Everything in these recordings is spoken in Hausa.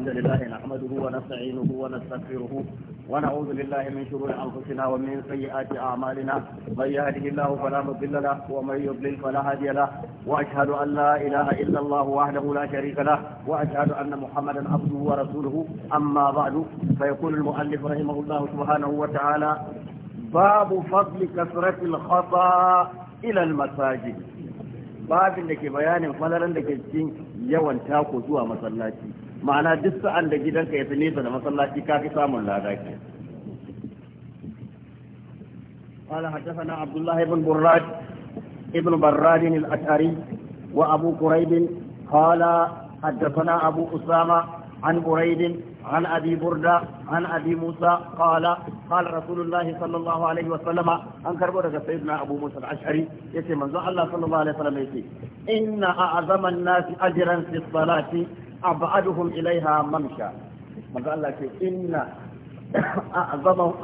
الحمد لله نحمده ونستعينه ونستغفره ونعوذ بالله من شرور انفسنا ومن سيئات اعمالنا من يهده الله فلا مضل له ومن يضلل فلا هادي له واشهد ان لا اله الا الله وحده لا شريك له واشهد ان محمدا عبده ورسوله اما بعد فيقول المؤلف رحمه الله سبحانه وتعالى باب فضل كثره الخطا الى المساجد babin da ke bayanin falaran da ke cikin yawan tako zuwa masallaci ma'ana duk sa'an da gidanka ya fi nesa da masallaci ka fi samun lada ke قال حدثنا عبد الله بن براد ابن براد الأشعري وأبو كريب قال حدثنا أبو أسامة عن بريد عن أبي بردة عن أبي موسى قال قال رسول الله صلى الله عليه وسلم أن كربرك سيدنا أبو موسى الأشعري يتي من الله صلى الله عليه وسلم يتي إن أعظم الناس أجرا في الصلاة أبعدهم إليها ممشى من إن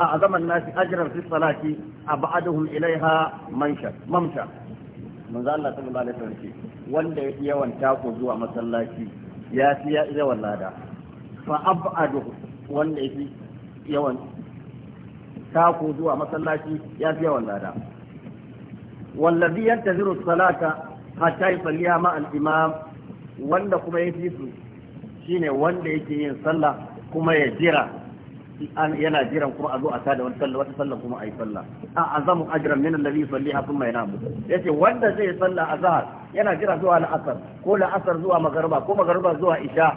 أعظم, الناس أجرا في الصلاة أبعدهم إليها ممشى ممشى صلى الله عليه وسلم wanda yawan tako zuwa masallaci ya fi yawan lada wallazi yantaziru salata imam wanda kuma ya fi shine wanda yake yin sallah kuma ya jira yana jiran kuma a zo a tada wani sallah wata sallah kuma ayi sallah a azamu ajran min alladhi yusalliha thumma yanamu yace wanda zai sallah azhar yana jira zuwa al'asar ko la'asar zuwa magariba ko magariba zuwa isha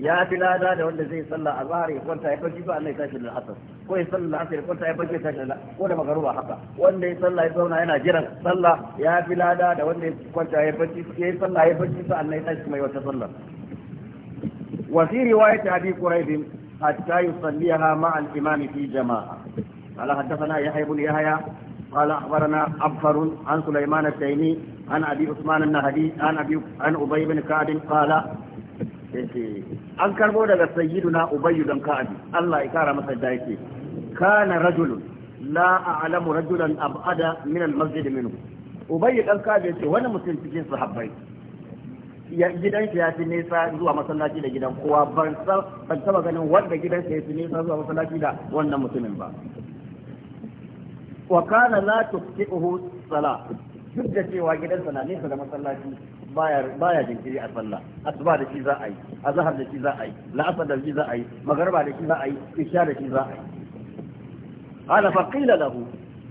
ya fi lada da wanda zai sallah a zahar ya kwanta ya farki ba Allah ya tashi da asar ko ya sallah asar ya kwanta ya farki ya tashi da ko da magaruba haka wanda ya sallah ya zauna yana jiran sallah ya fi lada da wanda ya kwanta ya farki ya sallah ya farki ba Allah ya tashi mai wata sallah وفي رواية أبي كريب حتى يصليها مع الإمام في جماعة قال حدثنا يحيى بن يحيى قال أخبرنا أبخر عن سليمان التيمي عن أبي عثمان النهدي عن أبي عن أبي بن كعب قال أن كان سيدنا أبي بن كعب الله إكرم سيدنا كان رجل لا أعلم رجلا أبعد من المسجد منه أبي بن كعب وأنا مسلم في صحابي gidansa ya fi nesa zuwa masallaci da gidan kowa ban taba ganin wanda gidansa ya fi nesa zuwa masallaci da wannan mutumin ba wa kana la tuqtihu sala duk da cewa gidansa na nesa da masallaci baya baya jinkiri a sallah asuba da shi za a yi azhar da shi za a yi la'asar da shi za a yi magariba da shi za a yi isha da shi za a yi ala fa qila lahu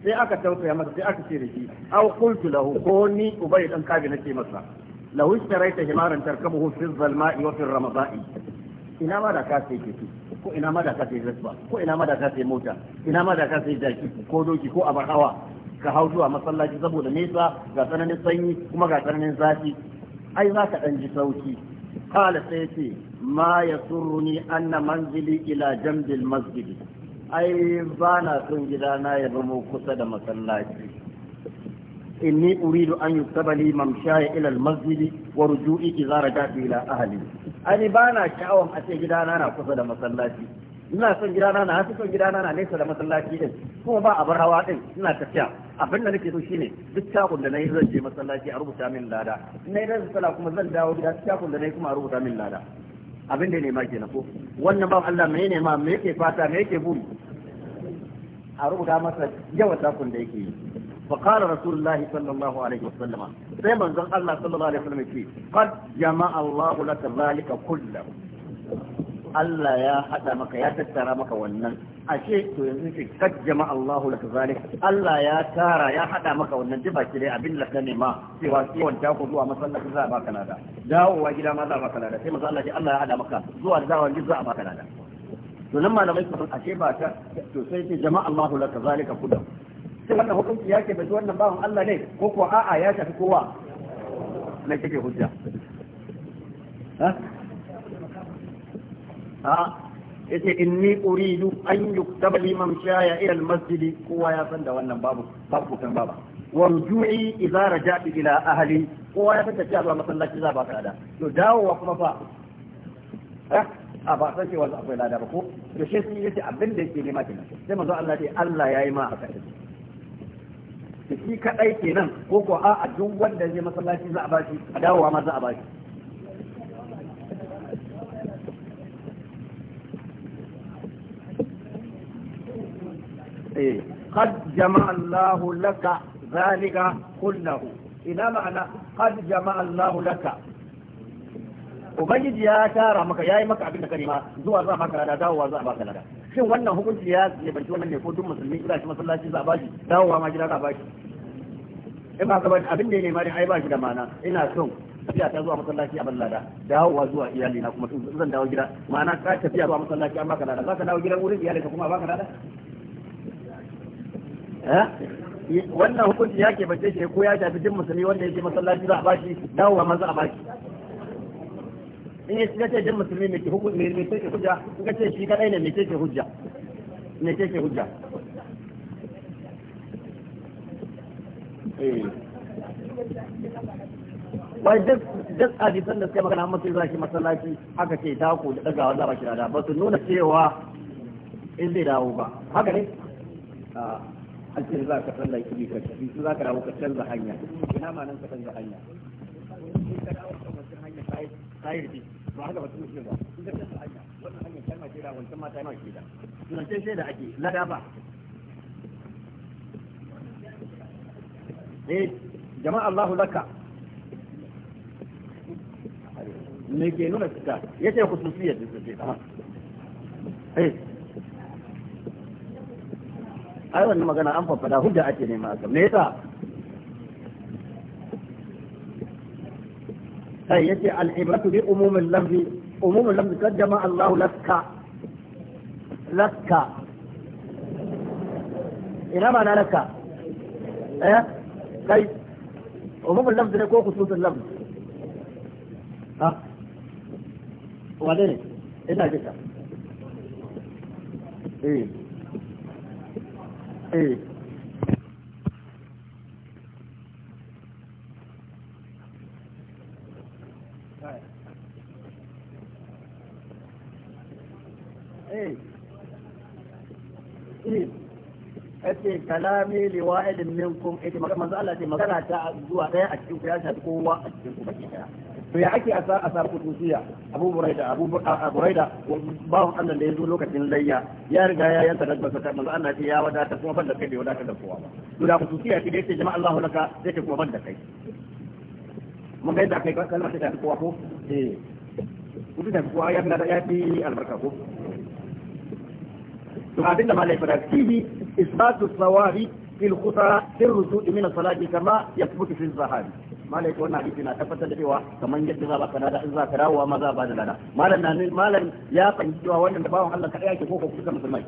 sai aka tausaya masa sai aka ce da shi aw qultu lahu ko ni ubay dan kabi nake masa لو اشتريت حمارا تركبه في الظلماء وفي الرمضاء ina ma da ka sai keke ko ina ma da ka sai rasba ko ina ma da ka sai mota ina ma da ka sai jaki ko doki ko abar hawa ka hau zuwa masallaci saboda nesa ga tsananin sanyi kuma ga tsananin zafi ai za ka dan ji sauki kala sai ce ma ya yasurruni anna manzili ila jambil masjid ai ba na son gidana ya zama kusa da masallaci inni uridu an yuktaba li mamshaya ila al-masjid wa ruju'i idza raja'tu ila ahli ani bana sha'awan a ce gidana na kusa da masallaci ina son gidana na hasu son gidana na nesa da masallaci din kuma ba abar hawa din ina tafiya abin da nake so shine duk takun da nayi zan je masallaci a rubuta min lada nayi zan sala kuma zan dawo gida takun da nayi kuma a rubuta min lada abin da ne ma kenan ko wannan ba Allah me ne ma me yake fata me yake buri a rubuta masa yawan takun da yake yi فقال رسول الله صلى الله عليه وسلم سيما زن الله صلى الله عليه وسلم يقول قد جمع الله لك ذلك كله Allah ya haɗa maka ya tattara maka wannan ashe to yanzu ce kad jama laka zalik Allah ya tara ya haɗa maka wannan duk abin da ka nema cewa kiwon ta ku zuwa masallaci za a baka lada dawowa gida ma za a baka lada sai manzo Allah ya Allah ya haɗa maka zuwa dawowa gida za a baka lada to malamai sun ashe ba ta to sai laka sai wannan hukunci ya ke bai wannan bawan Allah ne ko kuwa a'a ya shafi kowa na kike hujja ha ni inni uridu an yi yuktaba liman shaya ila masjidi kowa ya san da wannan babu babu kan baba warju'i idza raja'tu ila ahli kowa ya san fita cewa masallaci za ba kada to dawo wa kuma fa a ba san cewa akwai lada ba ko to shi sun yi ce abin da yake nema kenan sai manzo Allah ya Allah ma ma kai da shi kadai kenan ko ko a duk wanda zai masallaci za a bashi a dawowa ma za a bashi قد جمع الله لك ذلك كله ina ma'ana qad jama'a Allah laka ubangiji ya tara maka yayi maka abin da ka nema zuwa za maka da dawowa za a baka lada shin wannan hukunci ya yabanci wannan ne ko duk musulmi ila shi masallaci za a bashi dawowa ma gida za a bashi in ba ka abin da ya ma dai ai shi da mana ina son tafiya ta zuwa masallaci a ballada dawowa zuwa iyali na kuma zan dawo gida ma'ana ka tafiya zuwa masallaci an baka lada za ka dawo gidan wurin iyali ka kuma baka lada eh? wannan hukunci ya ke bace shi ko ya shafi duk musulmi wanda yake masallaci za a bashi dawowa ma za a bashi in ya shiga ce dan musulmi mai ke mai ce hujja in ka ce shi kaɗai ne mai ce hujja mai ce hujja eh. wai duk duk hadisan da suka magana mutum zai masallaci aka ce dako da dagawa za ba shi da ba su nuna cewa in zai dawo ba haka ne an ce za ka tsalla kibi ka ci su za ka dawo ka canza hanya ina ma nan ka canza hanya ka dawo ka canza hanya kai kai ba haka ba su ba in ka tsaya hanya ake lada eh jama'a Allahu laka me ke nuna cika yace khususiyar da take ta eh ai wannan magana an faffada hujja ake nema me yasa sai yace al-ibratu bi umumil lafzi umumil lafzi qaddama Allahu lakka lakka ina ma na lakka eh kai umumil lafzi ne ko khususul lafzi ha wane ne ina jika eh eh ce kalami li wahidin minkum ita manzo Allah ce magana ta zuwa daya a cikin ya shafi kowa a cikin ku baki daya to ya ake asa asa kutusiya Abu Buraida Abu Buraida bawon Allah da yazo lokacin layya ya riga ya yanta da basa manzo Allah ce ya wadata kuma banda kai bai wadata da kowa ba to da kutusiya ce da ce jama'a Allahu laka sai ke kuma banda kai mun ga yadda kai kalmar ta kowa ko eh mutum da kowa ya fi albarka ko to abinda da malai fara tv إثبات الصواب في الخطى في الرسول من الصلاة كما يثبت في الزهاد ما لا يكون نعيد فينا كفتا دقيوة كمن جد ذا بكنا دا إذا كراوة ما بعد لنا ما لن نعمل ما لن يقن جوا وانا نباو حالا كأيا كفوق وفوق مسلمين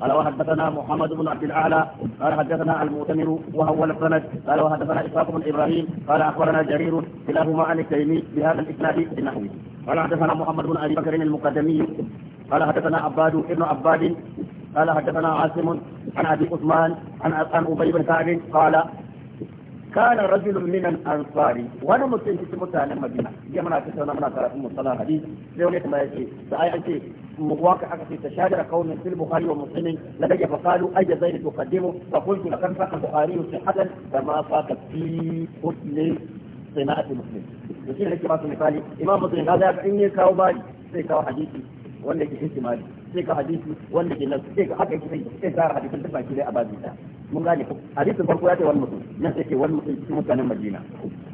قال وحدثنا محمد بن عبد الاعلى قال حدثنا المؤتمر وهو الاسند قال وحدثنا اسحاق بن ابراهيم قال اخبرنا جرير كلاهما عن التيمي بهذا الاسناد بالنحو قال حدثنا محمد بن ابي بكر المقدمي قال حدثنا عباد ابن عباد قال حدثنا عاصم عن ابي عثمان عن عن ابي بن سعد قال كان رجل من الانصار وانا مسلم في متان المدينه جاء من اكثر من اكثر من صلاه حديث لو لك ما يجي فاي انت مواقع في تشاجر قوم في البخاري ومسلم لدي فقالوا اي زين تقدمه فقلت لقد فاق البخاري صحه فما فاقت في مسلم صناعه مسلم يصير هيك مثالي امام مسلم هذا اني كاوباي في kawo حديثي wanda ke ihtimali sai ka hadisi wanda ke nan sai ka haka yake sai sai tsara hadisin da baki dai a bazi ta mun gane ko hadisin farko ya ce wani mutum nan sai ke wani mutum cikin mutanen Madina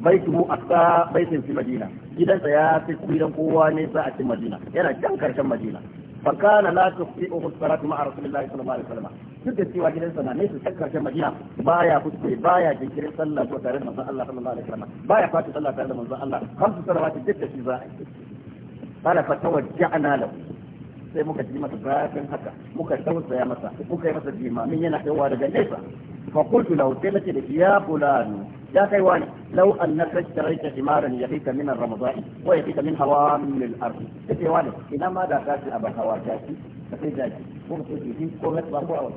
baituhu aqsa baitin fi Madina Idan gidansa ya fi gidan kowa ne sa a cikin Madina yana can karshen Madina fakana la tusibuhu salatu ma'a rasulillahi sallallahu alaihi wasallam duk da cewa gidansa na nesa can karshen Madina baya kuskure baya jinkirin sallah ko tare da manzon Allah sallallahu alaihi wasallam baya fata sallah tare da manzon Allah kamsu salawati duk da shi za a yi قال فتوجعنا له sai muka ji masa zafin haka muka tausaya masa muka yi masa jimamin yana kaiwa daga nesa fa qultu lahu sai nace da ya fulani ya kai wani law annaka ishtarayta himaran yafika min ramadan wa yafika min hawam al-ard sai wani ina ma da kashi a ban hawa kashi sai jaki ko ko ji ko ba ko awa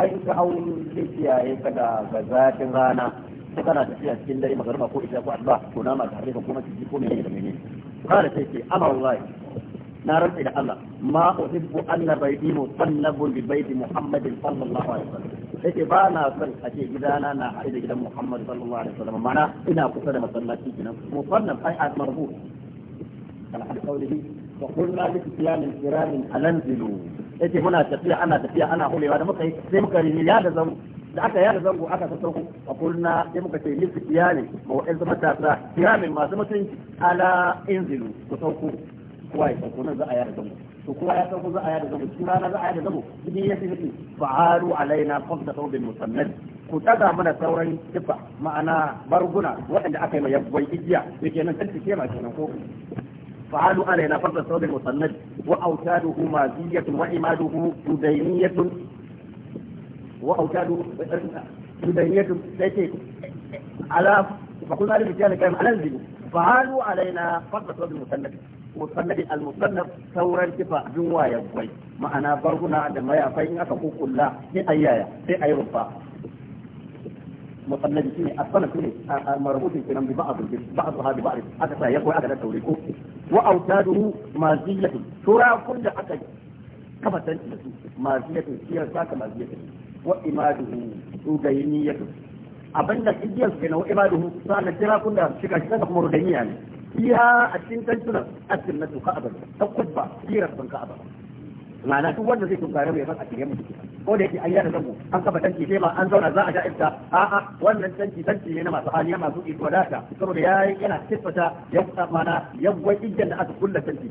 ai ka hau zai kiyaye ka da zafin rana ko kana tafiya cikin dare magarba ko isha ko asuba ko nama ta harbe kuma maciji ko menene da menene kana sai ce amma wallahi na rantsa da Allah ma uhibbu anna baiti musannabun bi baiti Muhammadin sallallahu alaihi wasallam yake ba na son a ce gidana na haɗe da gidan Muhammad sallallahu alaihi wasallam mana ina kusa da masallaci kenan musannab ai a marbu kana da kaulihi wa qulna li islamin kiramin alanzilu yake muna tafiya ana tafiya ana hulewa da muka yi sai muka rini ya da zango da aka yada zango aka sassauko a kulna sai muka ce lissu kiyanin ma wa'in zama masu mutunci ala inzilu ku sauko kowa ya sauko nan za a yada zamo to kowa ya sauko za a yada zamo cikin rana za a yada zamo cikin ya fi fi fa'alu alaina kwamta saubin musamman ku taga mana sauran kifa ma'ana barguna waɗanda aka yi mai yabuwai igiya da ke nan tantu ke masu nan ko fa'alu alaina kwamta saubin musamman wa autaduhu maziyatun wa imaduhu tudainiyatun wa autaduhu tudainiyatun sai ce ala fa kullu alif kana kan alanzibu fa'alu alaina kwamta saubin musamman musannadi al-musannaf sauran kifa bin wayan kwai ma'ana barguna da mayafai in aka kukulla sai ayyaya sai ayi rufa musannadi shine as-sanad ne marbutin kenan bi ba'a bi ba'a ha bi aka sa yakwai aka da tauri ko wa autaduhu maziyatu turakun da aka kafa da su maziyatu kiyar saka maziyatu wa imaduhu ugayniyatu abinda kijiyar na wa imaduhu sanan kun da shiga shiga kuma rudaniya ne iya a cikin a cikin tantunan asinnatu ka'aba ta kubba sirar sun ka'aba ma'ana duk wanda zai tunkare mai fasa cikin mutum ko da yake an yada zango an kafa tanki sai ma an zauna za a ga ifta a'a wannan tanki tanki ne na masu aliya masu iko wadata saboda ya yana tisfata ya mana ya gwai idan da aka kulla tanki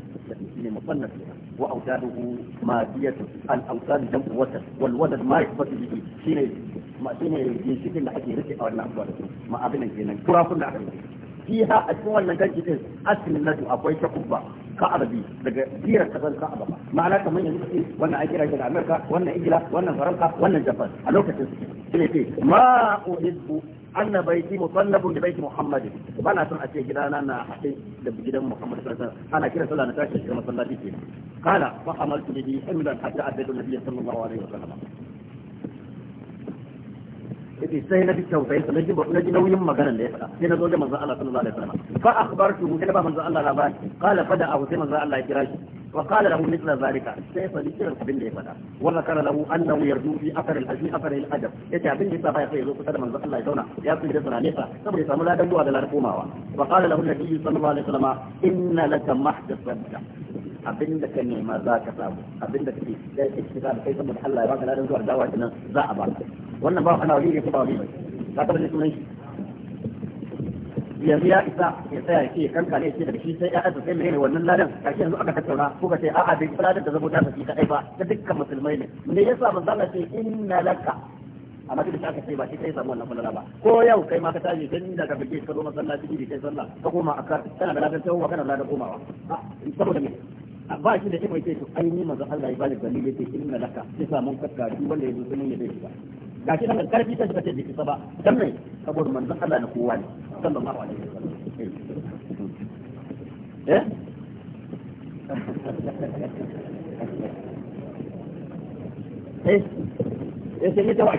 ne musannan wa autaduhu ma'diyatu an autad jam'u wata wal wadad ma yasbatu bihi shine ma shine ginshikin da ake rike a wannan abuwa ma abin nan kenan kurafun da ake rike فيها أسوأ من كان أسل النجو أبوي شكوبة كعبة دي لقى ديرة كعبة معناه كمان يقول وانا أجرى إلى أمريكا وانا إجلة وانا فرنسا وانا الجبل ألوك تنسي ما أحب أن بيتي مطلب لبيت محمد وبنا اسمع شيء كده أنا أنا حسين جدا محمد صلى الله عليه وسلم أنا كده صلى أنا تاشر كده مصلى قال فحملت به حملا حتى أتيت النبي صلى الله عليه وسلم فأخبرته كلبا قال فدا أو سينا مزا وقال له مثل ذلك سيسا لكير قبل ليسا وذكر له أنه يرجو في أثر الأجي أثر الأجب يتا بني سابا يقول يسوك سادا مزا الله يتونا يأكل جسنا ليسا سبا يسا ملا دلو هذا لارفوما وقال له النبي صلى الله عليه وسلم إن لك محد abin da ka nema za ka samu abin da kake da kake da kai saboda Allah ya baka ladan zuwa dawa kenan za a baka wannan ba kana wani ne ko ba wani za ka bari sunan shi ya biya isa ya tsaya ke kan ne ce da shi sai ya aka sai mene wannan ladan kashi yanzu aka tattauna ko ka ce a a bai ladan da zabo ta saki kadai ba ta dukkan musulmai ne ne yasa manzo Allah ce inna laka amma duk da aka ce ba shi kai samu wannan kullala ba ko yau kai ma ka tashi tun da ka fike ka zo masallaci da kai sallah ka koma akar kana da ladan tawo kana da ladan komawa saboda me ba shi da ke mai ce ai ni manzo Allah ya bani dalili yake inna laka sai mun kaka duk wanda ya zo sunan ya bai ba ga shi nan karfi ta shiga ta ba dan mai saboda manzo Allah na kowa ne sallallahu alaihi wasallam eh eh eh sai ne ta ba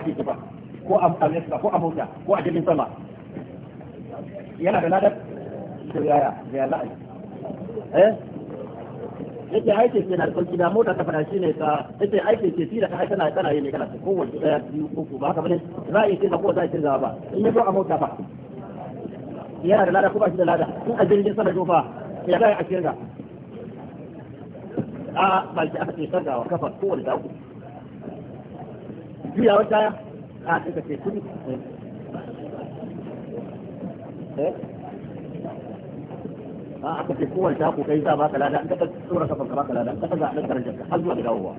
ko a amsa ko a ko a jirgin sama yana da ladar to yaya ya la'a eh yake aiki ce na alfarki da mota ta fara shi ne ka yake aiki ce tira ka kana kana yi ne kana ko wani daya biyu uku ba haka bane za a yi sai ko za a yi ba in yi zo a mota ba yana da lada ko ba shi da lada in a jirgin sama jofa ya ga a shirga a ba shi aka ce sarga wa kafa ko da dawo biya wata a kika ce kudi eh? a aka ce kowane ta ku kai za ba ka lada an ka tsora kafan ka ba ka lada an ka za a darajar ka har zuwa da dawowa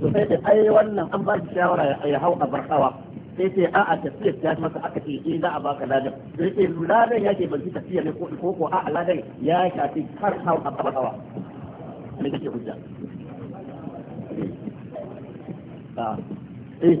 to sai da ai wannan an ba shi shawara ya hau a barkawa sai ce a a tafiyar ta masa aka ce eh za a ka ladan sai ce ladan yake ban tafiya ne ko ko a ladan ya shafi har hau a barkawa me kake hujja ah, eh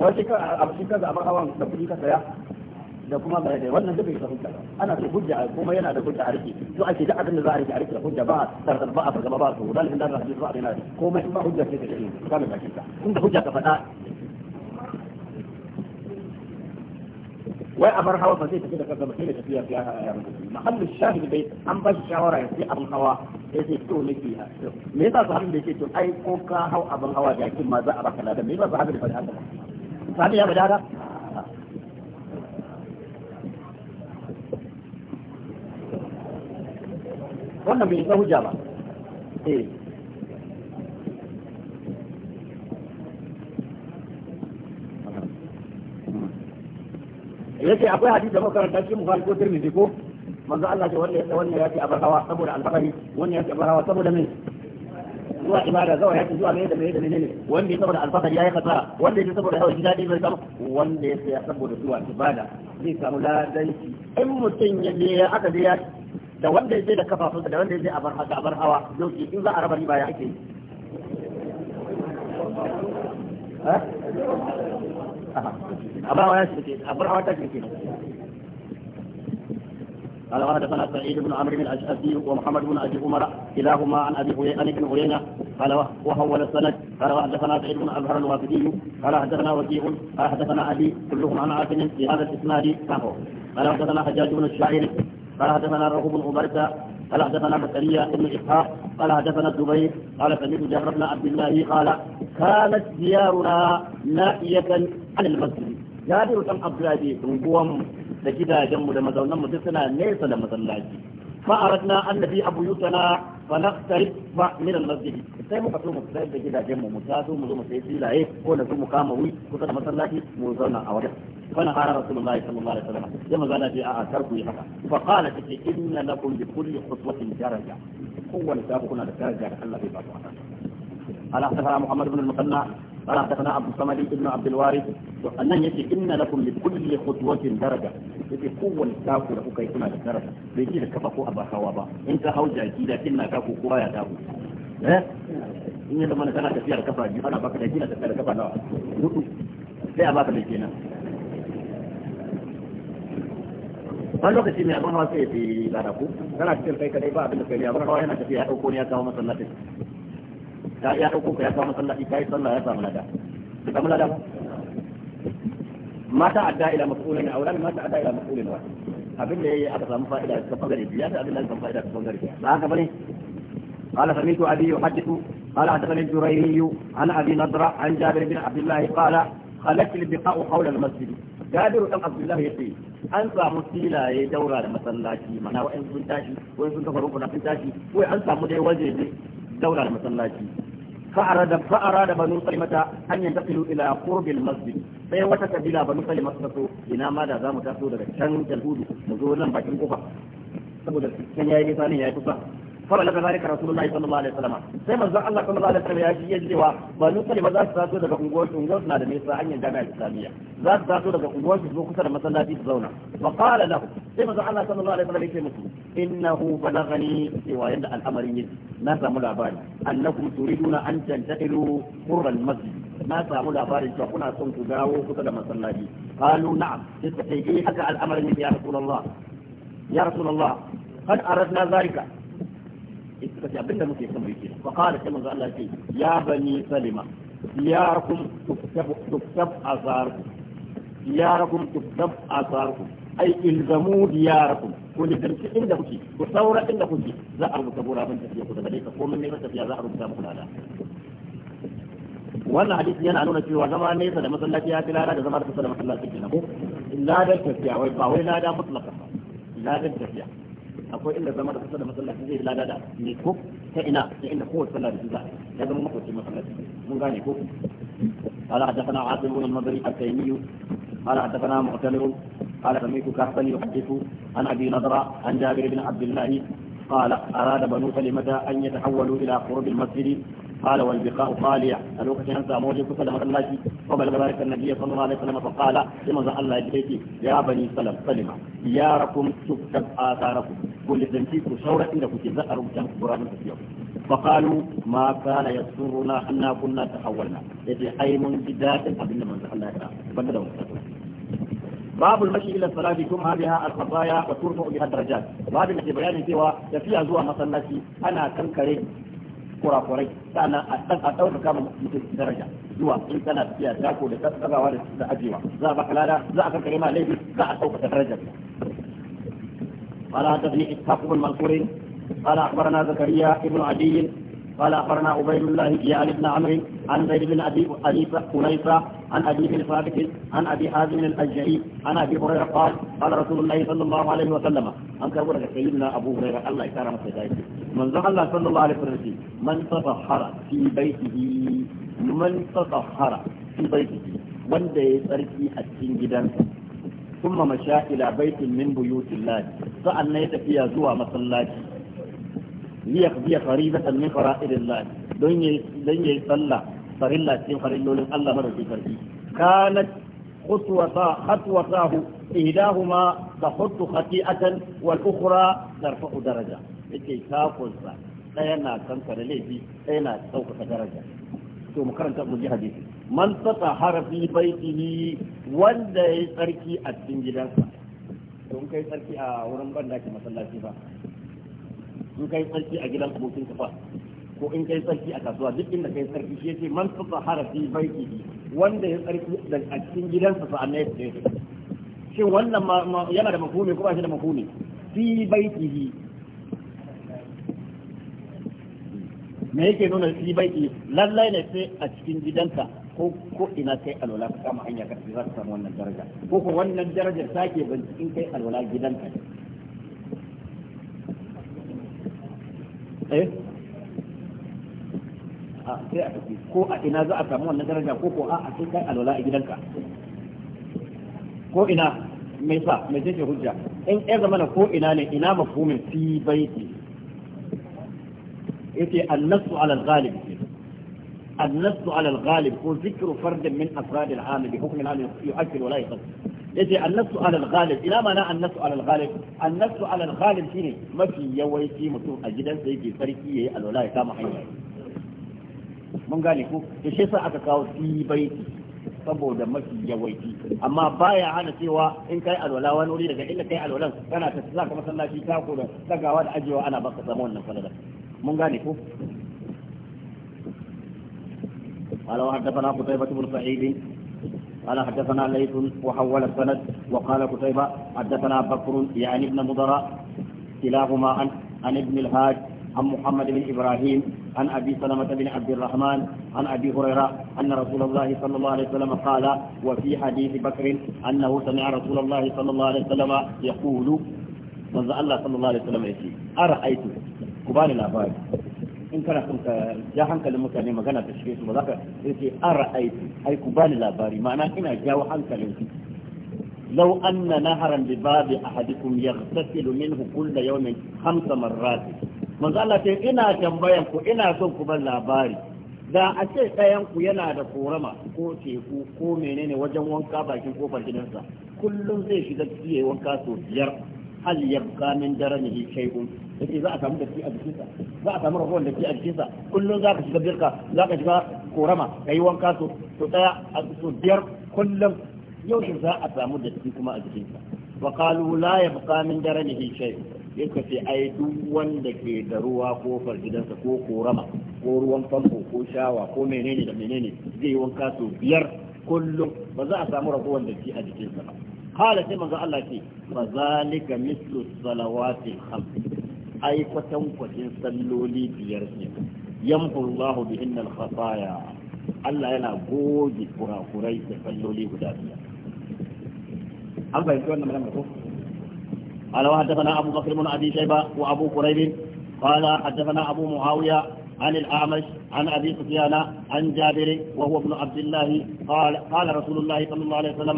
wasu ka da kuɗi da kuma bai da wannan da bai da hujja ana hujja kuma yana hujja to ake da da za a rike hujja ba a ba a fargaba ba a da ba ba hujja da shi hujja ka faɗa wai hawa ba zai tafi da kasa ba sai da tafiya fiya ka ya mutu mahallin shahidi bai an ba shi shawara ya sai abin hawa ya ce to nake ya me yasa sahabin da yake to ai ko ka hau abin hawa da yakin ma za a baka ladan me yasa sahabin da faɗi haka sahabi ya bada haka wannan bai isa hujja ba eh. Ya ce akwai hadisi da makaranta cikin bukhari ko tirmidhi ko manzo Allah ce wannan yace wannan yace abar hawa saboda alfahari wannan yace abar hawa saboda me الواحد بعد زواج هاي الزواج من هذا من هذا من هذا واللي صبر على الفضل يا قال وانا سعيد بن عمرو بن الاشعثي ومحمد بن ابي عمر كلاهما عن ابي هريره عن ابن هريره قال وهو السند قال وحدثنا سعيد بن أبهر الوافدي قال حدثنا وكيع قال حدثنا أبي كلهم عن عاقل في هذا الإسناد نحو قال حدثنا حجاج بن الشعير قال حدثنا رغب بن عبيدة قال حدثنا بكريا بن إسحاق قال حدثنا الزبير قال سمعت جابر بن عبد الله قال كانت ديارنا نائية عن المسجد جابر بن عبد الله هو da gidajenmu da mazaunanmu duk suna فأردنا أن نبيع بيوتنا يوتنا فنقترب من المسجد سيمو فتوم سيد جدا جمو مساسو مزو مسيسي لا إيه هو نزو مقاموي كتب مسلاتي موزونا أوريا فانا رسول الله صلى الله عليه وسلم يما زانا جي آتركو يحقا فقال إن لكم بكل خطوة جارجا هو نتابقنا لكارجا لأن الله يبقى على أحد محمد بن المقنع قال حدثنا عبد الصمد بن عبد الوارث وقال يتي ان لكم لكل خطوه درجه في قوه لتاكو لك كي تكون درجه بيجي لك فقو ابا خوابا انت هوجا جيدا كنا كاكو كوايا تاكو ها ان لما نتنا كفيا لكفا جيبانا انا واسعي دي بعد الكيكه دي بعد الكيكه دي بعد الكيكه دي بعد الكيكه دي بعد الكيكه دي بعد الكيكه دي بعد الكيكه دي بعد الكيكه دي بعد الكيكه دي بعد ta ya dauko ka ya samu sallaci kai sallah ya samu lada ka samu lada mata adda ila maf'ulin awlan mata adda ila maf'ulin wa abin da yayi aka samu fa'ida ta bangare biya da abin da aka samu fa'ida ta bangare ba haka bane قال سمعت ابي يحدث قال حدثني الجريري عن ابي نضره عن جابر بن عبد الله قال خلت البقاء حول المسجد جابر بن عبد الله يقول an samu filaye daura da masallaci mana wa'in sun tashi wa'in sun kafa rukuna sun tashi wai an samu dai waje ne daura da masallaci فأراد فأراد بنو سلمة أن ينتقلوا إلى قرب المسجد sai wata kabila banu salima suka so ina ma da zamu taso daga can jalhudu mu zo nan bakin kofa saboda can yayi nisa ne yayi kusa فبلغ ذلك رسول الله صلى الله عليه وسلم sai manzon Allah sallallahu alaihi wasallam ya ji yaji cewa ba nun kalma za su taso daga unguwar su unguwar na da nisa hanyar jami'a islamiyya za su taso daga unguwar su zo kusa da masallaci su zauna wa qala lahu sai manzon Allah sallallahu alaihi wasallam ya ce musu innahu balagani cewa yanda al'amarin yake na samu labari annakum turiduna an tantaqilu qurra al-masjid na samu labarin cewa kuna son ku dawo kusa da masallaci qalu na'am sai suka ce haka al'amarin yake ya rasulullah ya rasulullah قد أردنا ذلك suka ce abinda muke son mu yi fa qala sai manzo Allah ce ya bani salima diyarakum tuktab tuktab azarukum diyarakum tuktab azarukum ai ilzamu diyarakum ko ne dan inda kuke ko saura inda kuke za a rubuta ban tafiya ku daga dai ka komai ne tafiya za a rubuta muku lada wannan hadisi yana nuna cewa zama nesa da masallaci ya fi lada da zama da kusa da masallaci kenan ko ladan tafiya wai ba wai lada mutlaka ladan tafiya akwai inda zama da kusa da masallaci zai lada da ne ko ta ina ta inda kowace sallah da su ya zama makwacin masallaci mun gane ko قال حدثنا عاصم بن المضري التيمي قال حدثنا معتمر قال سميت كهفا يحدث عن ابي نضرة عن جابر بن عبد الله قال اراد بنو سلمة ان يتحولوا الى قرب المسجد قال والبقاء خالية الوقت أنت موجب كفل الله قبل ذلك النبي صلى الله عليه وسلم فقال لما الله بيتي يا بني سلم سلم يا ركم تكتب آثاركم كل تنفيكم شورة إنكم تذكروا جنب برامة اليوم فقالوا ما كان يسرنا أننا كنا تحولنا يجي حيم جدات قبل من الله بدأوا باب المشي الى الصلاه تمهى بها الخطايا وترفع بها الدرجات باب التي بيان سوى تفيها زوى مصلاتي انا كنكري kurakurai sannan a dan a dauka kama mutum daraja zuwa in kana tafiya ko da tsagawa da da ajewa za a baka za a kankare ma laifi za a dauka daraja قال حدثني اسحاق بن منصور قال اخبرنا زكريا Ibnu عدي قال أخبرنا عبيد الله علي بن عمرو عن زيد بن أبي أبي حنيفة عن أبي بن ثابت عن أبي حازم الأجعي عن أبي هريرة قال قال رسول الله صلى الله عليه وسلم أن كبر سيدنا أبو هريرة الله يكرم سيدنا من زغل الله صلى الله عليه وسلم من تطهر في بيته من تطهر في بيته من ya tsarki a ثم مشى إلى بيت من بيوت الله فأنا يتفيا زوا مصلاتي liyaqdi faridatan min fara'idillah don yayi don yayi sallah farilla cikin farillolin Allah madaukakin sarki kanat خطوتا خطوتاه إحداهما تحط خطيئة والأخرى ترفع daraja. yake kafin sa ɗaya na kanka da laifi ɗaya na ɗaukaka daraja to mu karanta mu ji hadisi man tsaka harafi baitihi wanda yayi tsarki a cikin gidansa don kai tsarki a wurin ban daki masallaci ba in kai sarki a gidan abokin kafa ko in kai sarki a kasuwa duk inda kai sarki shi yake man tsufa harafi baiki wanda ya sarki a cikin gidansa sa'an ya fita shin wannan yana da mafhumi ko ba shi da mafhumi fi baitihi me yake nuna fi baiti lallai ne sai a cikin gidansa ko ko ina kai alwala ka kama hanya ka za ka samu wannan daraja ko ko wannan darajar take binciken kai alwala gidanka eh a sai a tafi ko a ina za a samu wannan daraja ko ko a a sai kai alwala a gidanka ko ina mai sa mai ce hujja in ya zamana ko ina ne ina mafhumin fi baiti yace annasu ala al-ghalib النص على الغالب هو ذكر فرد من افراد العام بحكم العام يؤكد ولا يقصر yace annasu alal ghalib ina mana annasu alal ghalib annasu alal ghalib shine mafi yawaiti mutum a gidansa yake sarki yayi alwala ya kama hanya mun gane ko to shi yasa aka kawo sibai saboda mafi yawaiti amma baya hana cewa in kai alwala wani wuri daga inda kai alwalan kana ta za ka masallaci ta ko da dagawa da ajewa ana baka zama wannan falala mun gane ko قال وحدثنا قتيبة بن سعيد قال حدثنا ليث وحول السند وقال قتيبة حدثنا بكر يعني ابن مضر كلاهما عن عن ابن الهاج عن محمد بن إبراهيم عن أبي سلمة بن عبد الرحمن عن أبي هريرة أن رسول الله صلى الله عليه وسلم قال وفي حديث بكر أنه سمع رسول الله صلى الله عليه وسلم يقول من الله صلى الله عليه وسلم يقول أرأيت كبار الأبائي in kana son ka ja hankalin mutane magana ta shige su ba za ka ce an ra'aiti ai bani labari ma'ana ina jawo hankalin su لو أن نهرا بباب أحدكم يغتسل منه كل يوم خمس مرات من قال لك إنا تنبينكو إنا تنكو باللاباري da a ce ɗayanku yana da korama ko teku ko menene wajen wanka bakin kofar gidansa kullum zai shiga ciye wanka sau biyar hal yabqa min daranihi shay'un yake za a samu da a sa za a samu ragowar da a sa kullum za ka shiga birka za ka shiga korama ka yi wanka so to daya a so biyar kullum yau za a samu da kuma a sa wa qalu la yabqa min daranihi shay'un yake sai ai duk wanda ke da ruwa ko fargidansa ko korama ko ruwan famfo ko shawa ko menene da menene zai yi wanka so biyar kullum ba za a samu ragowar da a jikinsa ba kala sai manzo Allah ce fa zalika mislu salawati khams ai kwatan kwatin salloli biyar ne yamhu Allah bihin al khataya Allah yana goge kurakurai da salloli guda biyar an bayyana wannan magana ko قال وحدثنا أبو بكر بن أبي شيبة وأبو كريب قال حدثنا أبو معاوية عن الأعمش عن أبي سفيان عن جابر وهو ابن عبد الله قال قال رسول الله صلى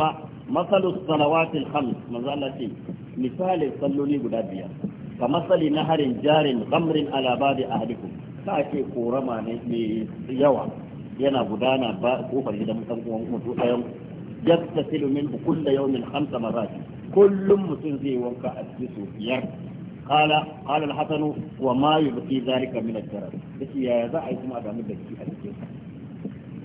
masalu salawatil khams manzo Allah ce misali salloli guda biyar ka masali na harin jarin gamrin ala babi ahadikum korama ne yawa yana gudana ba kofar gidan mutan uwan mutu ɗayan yaktasilu min kullu yawmin kullum mutum zai wanka a cikin su biyar قال قال الحسن وما يبقي ذلك من الجرد بس يا زعيم ادم الدكي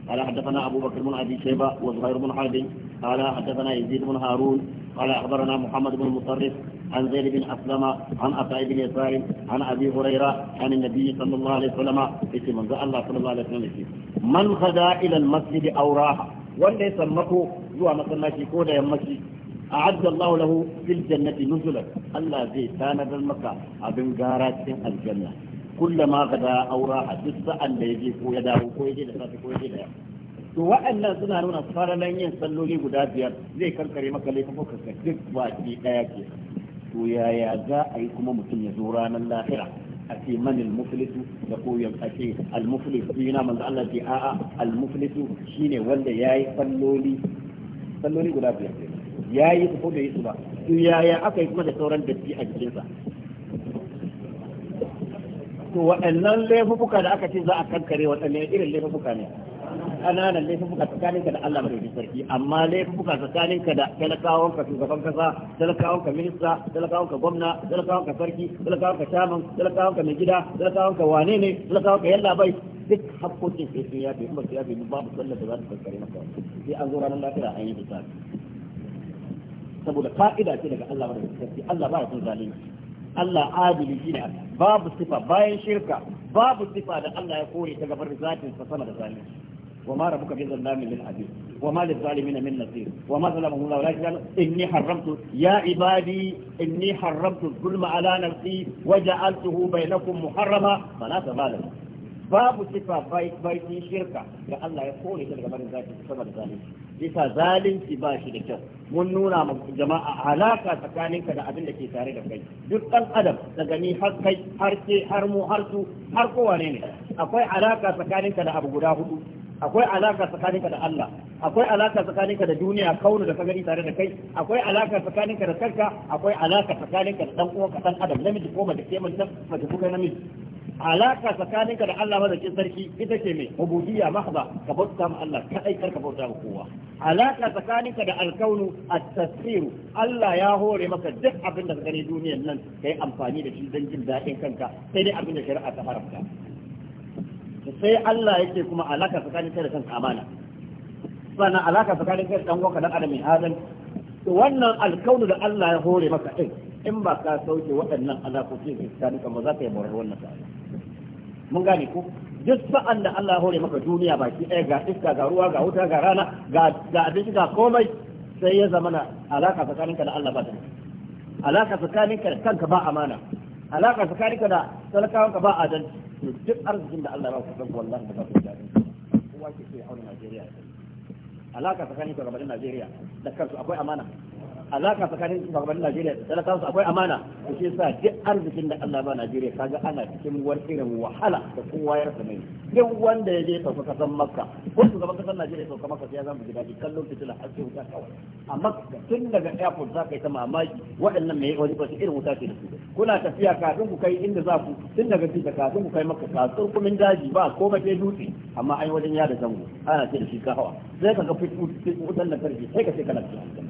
قال حدثنا abubakar بكر بن ابي wa وزهير mun حرب قال حدثنا يزيد بن هارون قال أخبرنا محمد بن المطرف عن زيد بن أسلم عن أفا بن يسار عن أبي هريرة عن النبي صلى الله عليه وسلم اسم الله صلى الله عليه وسلم من خدا إلى المسجد أو راح والذي سمكه يوى مثلا في كودة المسجد أعد الله له في الجنة نزلا الله زي سانة المكة أبن قارات الجنة كلما غدا أو راح تسال أن يجيكو يداه كويدي لساتي كويدي لها to wa'annan suna nuna faralan yin salloli guda biyar zai karkare maka laifukan ka duk baki daya ke to yaya za a yi kuma mutum ya zo ranar lahira a ce manil muflisu da koyon a ce almuflisu yana manzo Allah ce a'a almuflisu shine wanda yayi salloli salloli guda biyar yayi su ko bai yi su ba to yaya aka yi kuma da sauran datti a sa to waɗannan laifuka da aka ce za a kankare waɗannan irin laifuka ne kananan tsakanin tsakaninka da Allah mai sarki amma tsakanin tsakaninka da talakawan ka shugaban kasa talakawan ka minista talakawan ka gwamna talakawan ka sarki talakawan ka shaman talakawan ka mai gida talakawan ka wane ne talakawan ka yalla bai duk hakkokin sai sun yafe kuma sai yafe babu sallar da za ta kankare maka sai an zo ranar lafiya an yi bisa saboda fa'ida ce daga Allah mai sarki Allah ba ya son zalimi Allah adili shine babu sifa bayan shirka babu sifa da Allah ya kore ta gabar zatin sa sama da zalimi وما ربك بظلام للعبيد وما للظالمين من نصير وما ظلمهم الله ولكن إني حرمت يا عبادي إني حرمت الظلم على نفسي وجعلته بينكم محرما فلا تظالموا babu sifa baitin shirka da Allah ya kore shi daga barin zaki sama da zalunci bisa zalunci ba shi da kyau mun nuna ma jama'a alaka tsakaninka da abin da ke tare da kai duk ɗan adam daga ni har kai har ke har mu har su har kowa ne akwai alaka tsakaninka da abu guda hudu akwai alaka tsakaninka da Allah akwai alaka tsakaninka da duniya kaunu da kagari tare da kai akwai alaka tsakaninka da kanka akwai alaka tsakaninka da dan uwanka dan adam namiji ko mace ke mace mace ko namiji alaka tsakaninka da Allah madaukin sarki ita ce mai ubudiyya mahba ka bauta ma Allah ka kar ka bauta ma kowa alaka tsakaninka da alkaunu at-tasir Allah ya hore maka duk abin da ka gani duniyar nan kai amfani da shi don jin daɗin kanka sai dai abin da shari'a ta haramta sai Allah yake kuma alaka tsakanin kai da kanka amana sannan alaka tsakanin kai da dan uwanka dan adam mai to wannan alkaunu da Allah ya hore maka din in ba ka sauke waɗannan alakoki da tsakanin ka ba za ka yi morar wannan ka mun gane ko duk sa'an da Allah ya hore maka duniya baki ɗaya ga iska ga ruwa ga wuta ga rana ga ga abinci ga komai sai ya zama na alaka ka da Allah ba ta alaka ka da kanka ba amana alaka ka da talakawanka ba adalci to duk arzikin da Allah ya ba ku wallahi da ba ku da kowa ke so ya aure Najeriya alaka tsakanin shugabannin Najeriya da kansu akwai amana alaka tsakanin shugabannin Najeriya da talakawansu akwai amana da shi yasa duk arzikin da Allah ba Najeriya kaga ana cikin wani irin wahala da kowa ya rasa mai duk wanda ya je sauka kasan Makka ko shugaban kasan Najeriya sauka Makka sai ya zama gida kallon fitila har sai wuta kawai amma tun daga airport za ka yi ta mamaki waɗannan mai wani kwasu irin wuta ce da su kuna tafiya kafin ku kai inda za ku tun daga fita kafin ku kai Makka ka kumin daji ba komai sai dutse amma ai wajen da zango ana ce da shi kahawa sai ka ga fitu fitu wutan lantarki sai ka sai kana cikin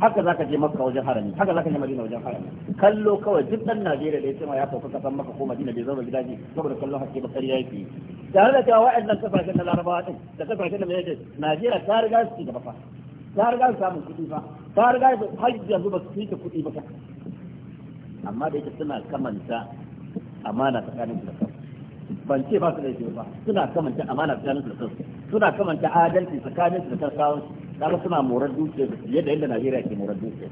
haka zaka je makka wajen harami haka zaka je madina wajen harami kallo kawai duk dan najeriya da ya ce ma ya sauka kasan makka ko madina bai zama gidaje saboda kallon haske ba ƙarya yake tare da cewa wa'annan kasashen na larabawa din da kasashen da mai najeriya ta riga su ci gaba fa ta riga su samun kuɗi fa ta riga su har yanzu ba su ci kuɗi ba amma da yake suna kamanta amana tsakanin da kansu ban ce ba su da ba suna kamanta amana tsakanin da kansu suna kamanta adalci tsakanin da kansu kaga suna morar dukiyar yadda yadda Najeriya ke morar dutse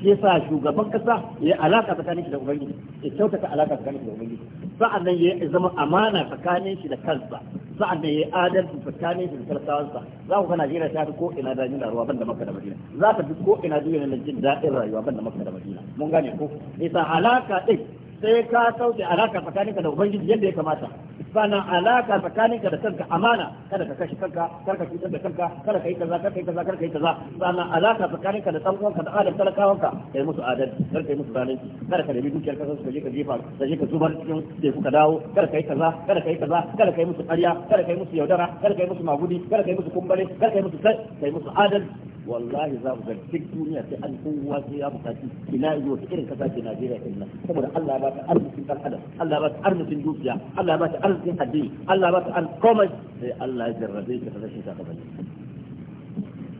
shi yasa shugaban kasa ya alaka tsakanin shi da ubangiji ya kyautata alaka tsakanin shi da ubangiji sa'annan ya zama amana tsakanin shi da kansa sa'annan ya adalci tsakanin shi da talakawansa za ku ga Najeriya ta fi ko ina da jin rayuwa banda Makka da Madina za ta fi ko ina duniya na jin daɗin rayuwa banda Makka da Madina mun gane ko yasa alaka ɗin sai ka sauke alaka tsakaninka da ubangiji yadda ya kamata sannan alaka tsakaninka da kanka amana kada ka kashe kanka kar ka cutar da kanka kada ka yi kaza kar ka yi kaza kar ka yi kaza sannan alaka tsakaninka da dan uwanka da adam talakawanka ka yi musu adal kar ka yi musu zalunci kada ka nemi dukiyar kasar su kaje ka jefa ka je ka zubar cikin teku ka dawo kada ka yi kaza kada ka yi kaza kada ka yi musu ƙarya kada ka yi musu yaudara kada ka yi musu magudi kada ka yi musu kumbare kada ka yi musu sai ka yi musu adal wallahi za mu ga duk duniya sai an kowa sai ya bukaci ina yi yau irin kasa ke Najeriya kenan saboda Allah ba ta arzikin dan adam Allah ba ta arzikin dukiya Allah ba ta arzikin addini Allah ba ta komai sai Allah ya jarrabe ka rashin sakamakon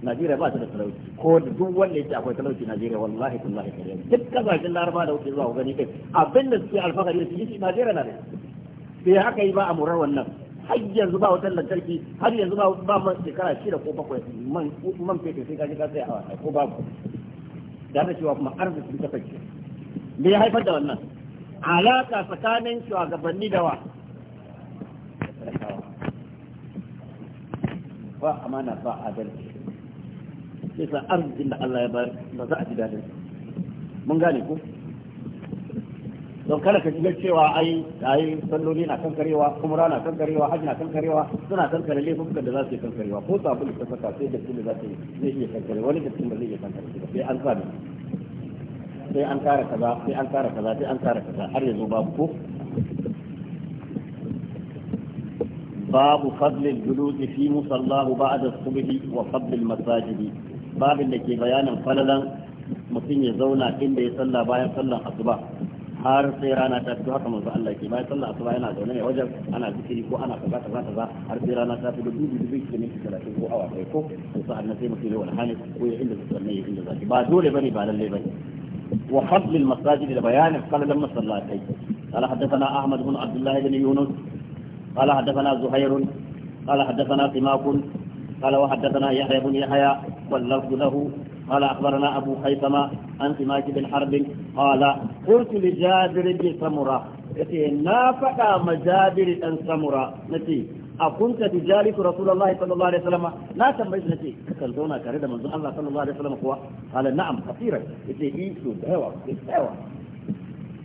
Najeriya ba ta da talauci ko da duk wanda yake akwai talauci Najeriya wallahi kullahi kariya duk kasashen Laraba da wuce zuwa gani kai abin da suke alfahari da shi Najeriya na da sai haka yi ba a murar wannan har yanzu ba wutar lantarki har yanzu ba ba man shekara shida ko bakwai man man fefe sai ka ji ka tsaya a ko babu da cewa kuma arzikin ta fake me ya haifar da wannan alaka tsakanin shugabanni da wa ba amana ba adalci sai sa arzikin da Allah ya bari ba za a ji dadin mun gane ku don kada ka shiga cewa ai ai salloli na kankarewa umra na kankarewa hajji na kankarewa suna kankare laifukan da za su yi kankarewa ko sabulu ta saka sai da kuma za su yi zai iya kankare wani da kuma zai iya kankare sai an sa sai an kara kaza sai an kara kaza sai an kara kaza har yanzu babu ko babu fadl al-julus fi musallahu ba'da as-subh wa fadl al-masajid babin da ke bayanin falalan mutum ya zauna inda ya salla bayan sallan asuba har sai rana ta fito haka manzo Allah ke bayan sallan asuba yana zaune ne wajen ana zikiri ko ana kaza kaza kaza har sai rana ta fito dubi dubi ke ne da ko awa ko sai annabi nan sai mutum ya wani hali ko ya inda zai ya inda zai ba dole bane ba lalle bane وفضل المساجد لبيان قال لما صلى قال حدثنا احمد بن عبد الله بن يونس قال حدثنا زهير قال حدثنا سماك قال وحدثنا يحيى بن يحيى واللفظ له قال اخبرنا ابو خيثمه عن سماك بن حرب قال قلت لجابر بن سمره نافق نافع مجابر بن سمره نتي a kunta tijalisu rasulullahi sallallahu alaihi wasallam na tambaye shi nace kakan zauna tare da manzon Allah sallallahu alaihi wasallam kuwa qala na'am kafiran yace i eh da yawa yawa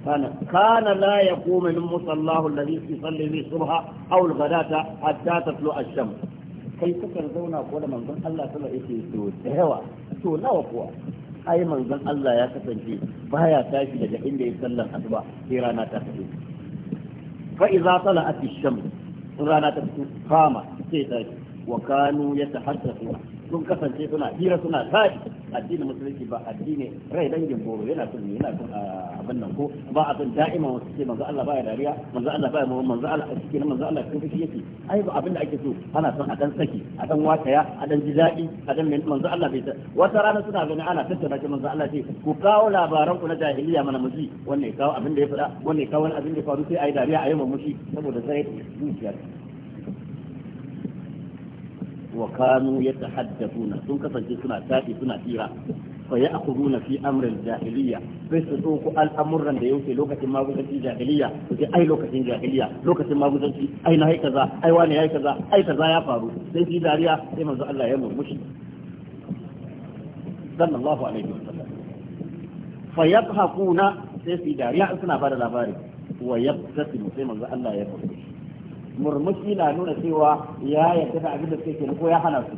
kana kana la yaqumu min musallahu alladhi yusalli bi subha aw al-ghadata hatta tatlu ash-shams kai kakan zauna kuwa da manzon Allah sallallahu alaihi wasallam yace da yawa to nawa kuwa ai manzon Allah ya kasance baya tashi daga inda ya sallan asuba sai rana ta fito fa idza tala'at ash-shams rana ta fito kama sai tashi wa kanu yatahaddathuna sun kasance suna hira suna tashi addinin musulunci ba addini rai dangin boro yana son ne yana son ah, abin nan ko ba a son da'ima wasu ce manzo Allah baya dariya manzo Allah baya manzo Allah a cikin manzo Allah cikin fushi yake ai ba abin da ake so ana son a dan saki a dan wataya a dan ji daɗi a dan manzo Allah bai wata rana suna ganin ana tattauna shi manzo Allah ce ku kawo labaran ku na jahiliya mana muji wanne ya kawo abin da ya faɗa wanne ya kawo abin da ya faru sai ai dariya a yi mamushi saboda sai zuciya وكانوا يتحدثون سنك فجسنا تاتي سنة تيرا فيأخذون في أمر الجاهلية بس سوق الأمر رند يوكي لوكة ما في جاهلية يوكي أي لوكة جاهلية لوكة ما وزن في أي نهي كذا أي واني هي كذا أي كذا يا فارو سي في داريا سي مزو الله يمر مشي صلى الله عليه وسلم فيضحكون سي في داريا سنة فارة لفارة ويبتسم سي مزو الله يمر مشي murmushi na nuna cewa ya yarda da abin da suke ko ya hana su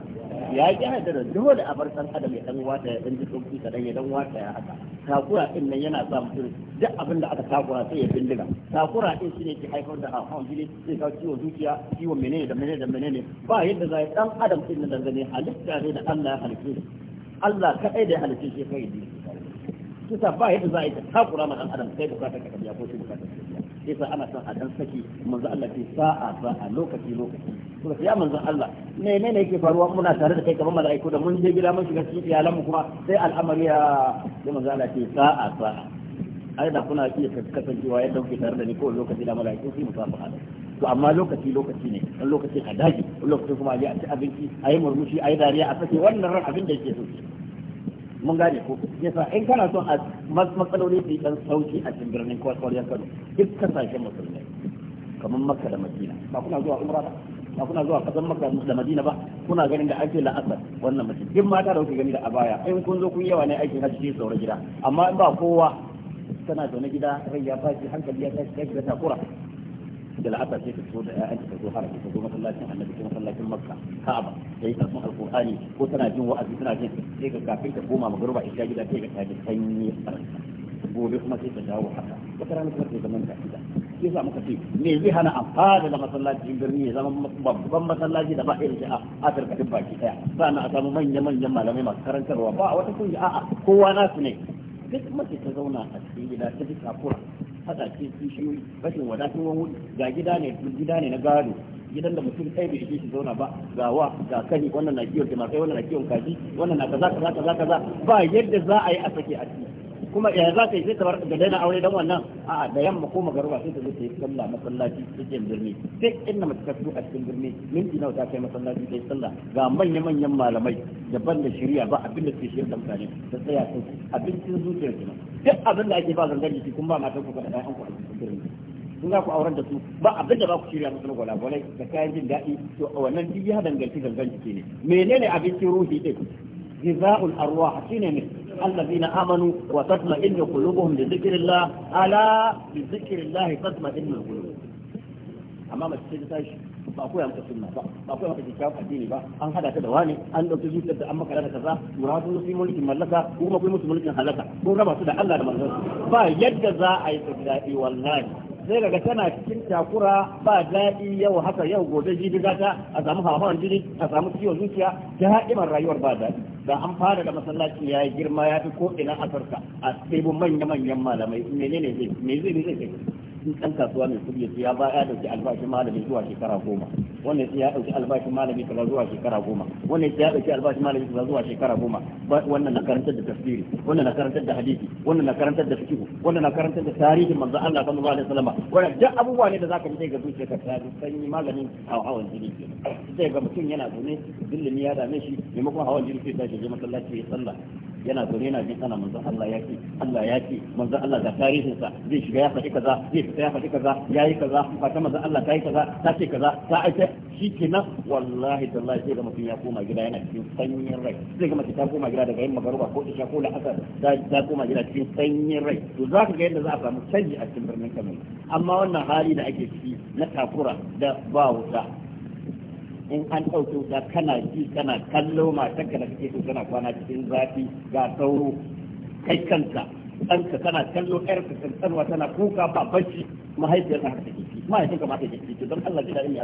ya yi yarda da dole a abar san adam ya dan wata ya dan ji sauki kadan ya dan wata ya haka takura din nan yana sa mutum duk abin da aka takura sai ya bindiga takura din shine ke haifar da hawan jini sai ka ciwon zuciya ciwon menene da menene da menene ba yadda za dan adam din nan zane halitta ne da Allah ya halitta Allah kadai da ya halitta shi kai ne kusa ba yadda za a yi takura ma dan adam sai bukata ka biya ko shi bukata ka biya sai sa ana son a dan saki manzo Allah ce sa'a sa'a lokaci lokaci to ya manzo Allah ne ne yake faruwa muna tare da kai kamar mala'iku da mun je gida mun shiga cikin iyalan mu kuma sai al'amari ya sai manzo Allah ce sa'a sa'a ai da kuna iya kasancewa yadda kuke tare da ni ko lokaci da mala'iku sai mu samu hada to amma lokaci lokaci ne dan lokaci a daji lokacin kuma a a ci abinci a yi murmushi a yi dariya a sake wannan ran abin da yake so mun gane ko yasa in kana son a matsaloli su yi dan sauki a cikin birnin kwarkwariyar kano duk kasashen musulmai kamar makka da madina ba kuna zuwa umra ba ba kuna zuwa kasan makka da madina ba kuna ganin da ake la'asar wannan mace duk mata da kuke gani da abaya in kun zo kun yawa ne aikin ke sauran gida amma in ba kowa tana zaune gida rai ya fashi hankali ya tashi kashi da takura da la'asar sai ta da yayan ta zo har ta zo masallacin annabi ko masallacin makka ka'aba ta yi ko tana jin wa'azi tana jin sai ga kafin ta koma magruba gida sai ga ta ji sanyi gobe kuma sai ta dawo haka wata rana kuma sai ta gida sai sa muka ce me zai hana amfani da masallacin birni ya zama babban masallaci da ba irin shi a Afirka duk baki daya sannan a samu manya-manyan malamai masu karantarwa ba wata kungiya a'a kowa nasu ne duk mace ta zauna a cikin gida ta ji kafura haka ce kishiyoyi rashin wadatun wani ga gida ne gida ne na gado gidan da mutum ɗaya bai ishe shi zauna ba ga wa ga kani wannan na kiyon tumakai wannan na kiyon kaji wannan na kaza kaza kaza kaza ba yadda za a yi a sake a ciki kuma ya za ka yi sai ta da daina aure dan wannan a da yamma ko magaruba sai ta zo ta yi sallah masallaci cikin birni sai inna mace ta a cikin birni minti nawa ta kai masallaci ta yi sallah ga manya manyan malamai da ban da shari'a ba abin da suke shirya da mutane ta tsaya sun abincin zuciyar kenan duk abin da ake ba zangar jiki kun ba matan ku da ɗayan ku a cikin birni kun ga ku auren da su ba abin da ba ku shirya musu na gwalagwalai da kayan jin daɗi to a wannan duk ya danganci zangar jiki ne menene abincin ruhi ɗin giza'ul arwah shine ne الذين آمنوا وتطمئن قلوبهم لذكر الله بذكر الله تطمئن القلوب ba sunna ba ba kikkiawar addini ba an hada ta da wani an dauki zuciyar da an maka da kaza tura sun su mulkin mallaka ko kuma mulkin halaka ko raba su da Allah da manzon ba yadda za a yi su daɗi wallahi sai daga tana cikin takura ba daɗi yau haka yau gobe jibi gata a samu hawan jini a samu ciwon zuciya ta haɗimar rayuwar ba daɗi da an fara da masallaci ya yi girma ya fi ko ina a farka a tsibin manya-manyan malamai menene zai zai zai duk ɗan kasuwa mai kuɗi ya ba ya ɗauki albashin malami zuwa shekara goma wannan ya ɗauki albashin malami kaza zuwa shekara goma ya ɗauki albashin malami kaza zuwa shekara goma wannan na karantar da tafsiri wannan na karantar da hadisi wannan na karantar da fiqh wannan na karantar da tarihin manzo Allah sallallahu alaihi wasallam wannan duk abubuwa ne da zaka ji ga zuciyarka ta sanyi malamin hawan jini sai ga mutum yana zaune dillimi ya dame shi maimakon hawan jini sai ya je masallaci ya sallah yana zaune yana jin ana manzon Allah ya ce Allah ya ce manzon Allah ga tarihin sa zai shiga ya faɗi kaza zai fita ya faɗi kaza yayi kaza fata manzon Allah ta yi kaza ta ce kaza ta aika shikenan wallahi tallahi sai ga mutum ya koma gida yana cikin sanyin rai sai ga mace ta koma gida daga yin magaruba ko isha ko la'asar ta koma gida cikin sanyin rai to za ka ga yadda za a samu canji a cikin birnin Kano amma wannan hali da ake ciki na takura da ba wuta in an ɗauke wuta kana ji kana kallo matanka da kake so kana kwana cikin zafi ga sauro kai kanka ɗanka kana kallo ƴarka kankanwa tana kuka ba bacci mahaifiyar na haka kiki mahaifin ka ma kiki to don Allah ji daɗin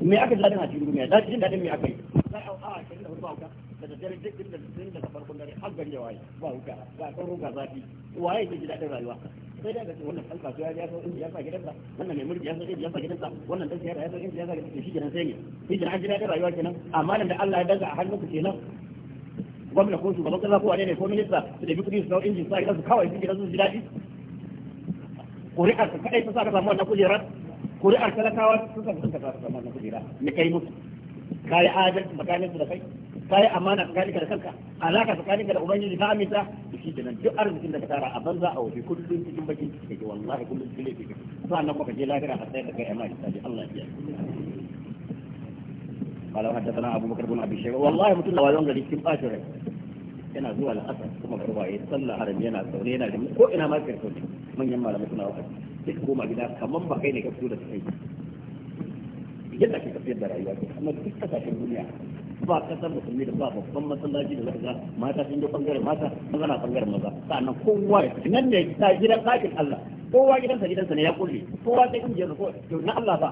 me aka yi na duniya me aka ji daɗin a cikin duniya daɗin daɗin me aka yi sai an awa ashirin da hudu a daga dare duk da daga farkon dare har gari ya waye ba wuta ga sauro ga zafi waye ke ji daɗin rayuwa sai da kace wannan alfa ya ya san ya sa gidansa wannan mai mulki ya san ya sa gidansa wannan dan siyasa ya san ya sa gidansa shi kenan sai ne shi kenan jira da rayuwa kenan amma nan da Allah ya daga a hannunku kenan gwamna ko shugaban kasa ko wane ne ko minista su da kudi su kawo injin sa gidansu kawai su gidansu su ji daɗi ƙuri'ar ka kaɗai ta sa ka samu wannan kujera ƙuri'ar talakawa su sa ka samu wannan kujera ne kai musu kayi adalci su da kai kai amana tsakaninka da kanka alaka tsakaninka da ubangiji ta amita shi da nan duk arzikin da ka tara a banza a wuce kullum cikin bakin ciki kake wallahi kullum cikin laifi kake sannan kuma je lafiya a tsaya da kai amana ta Allah ya قال وحدثنا ابو بكر بن ابي شيبه والله متنا ويون غادي كيم باجر yana zuwa al'asar kuma garba ya sallah haram yana zaune yana da ko ina ma kai sauki manyan malamai suna wa sai ka koma gida kaman ba kai ne ka fito da kai yadda ke tafiyar da rayuwa amma duk kasashen duniya ba kasar musulmi da ba babban masallaci da zaka mata sun yi bangaren mata maza na bangaren maza sannan kowa nan ne ta gidan ɗakin Allah kowa gidansa gidansa ne ya kulle kowa sai kun jiyarsa ko na Allah ba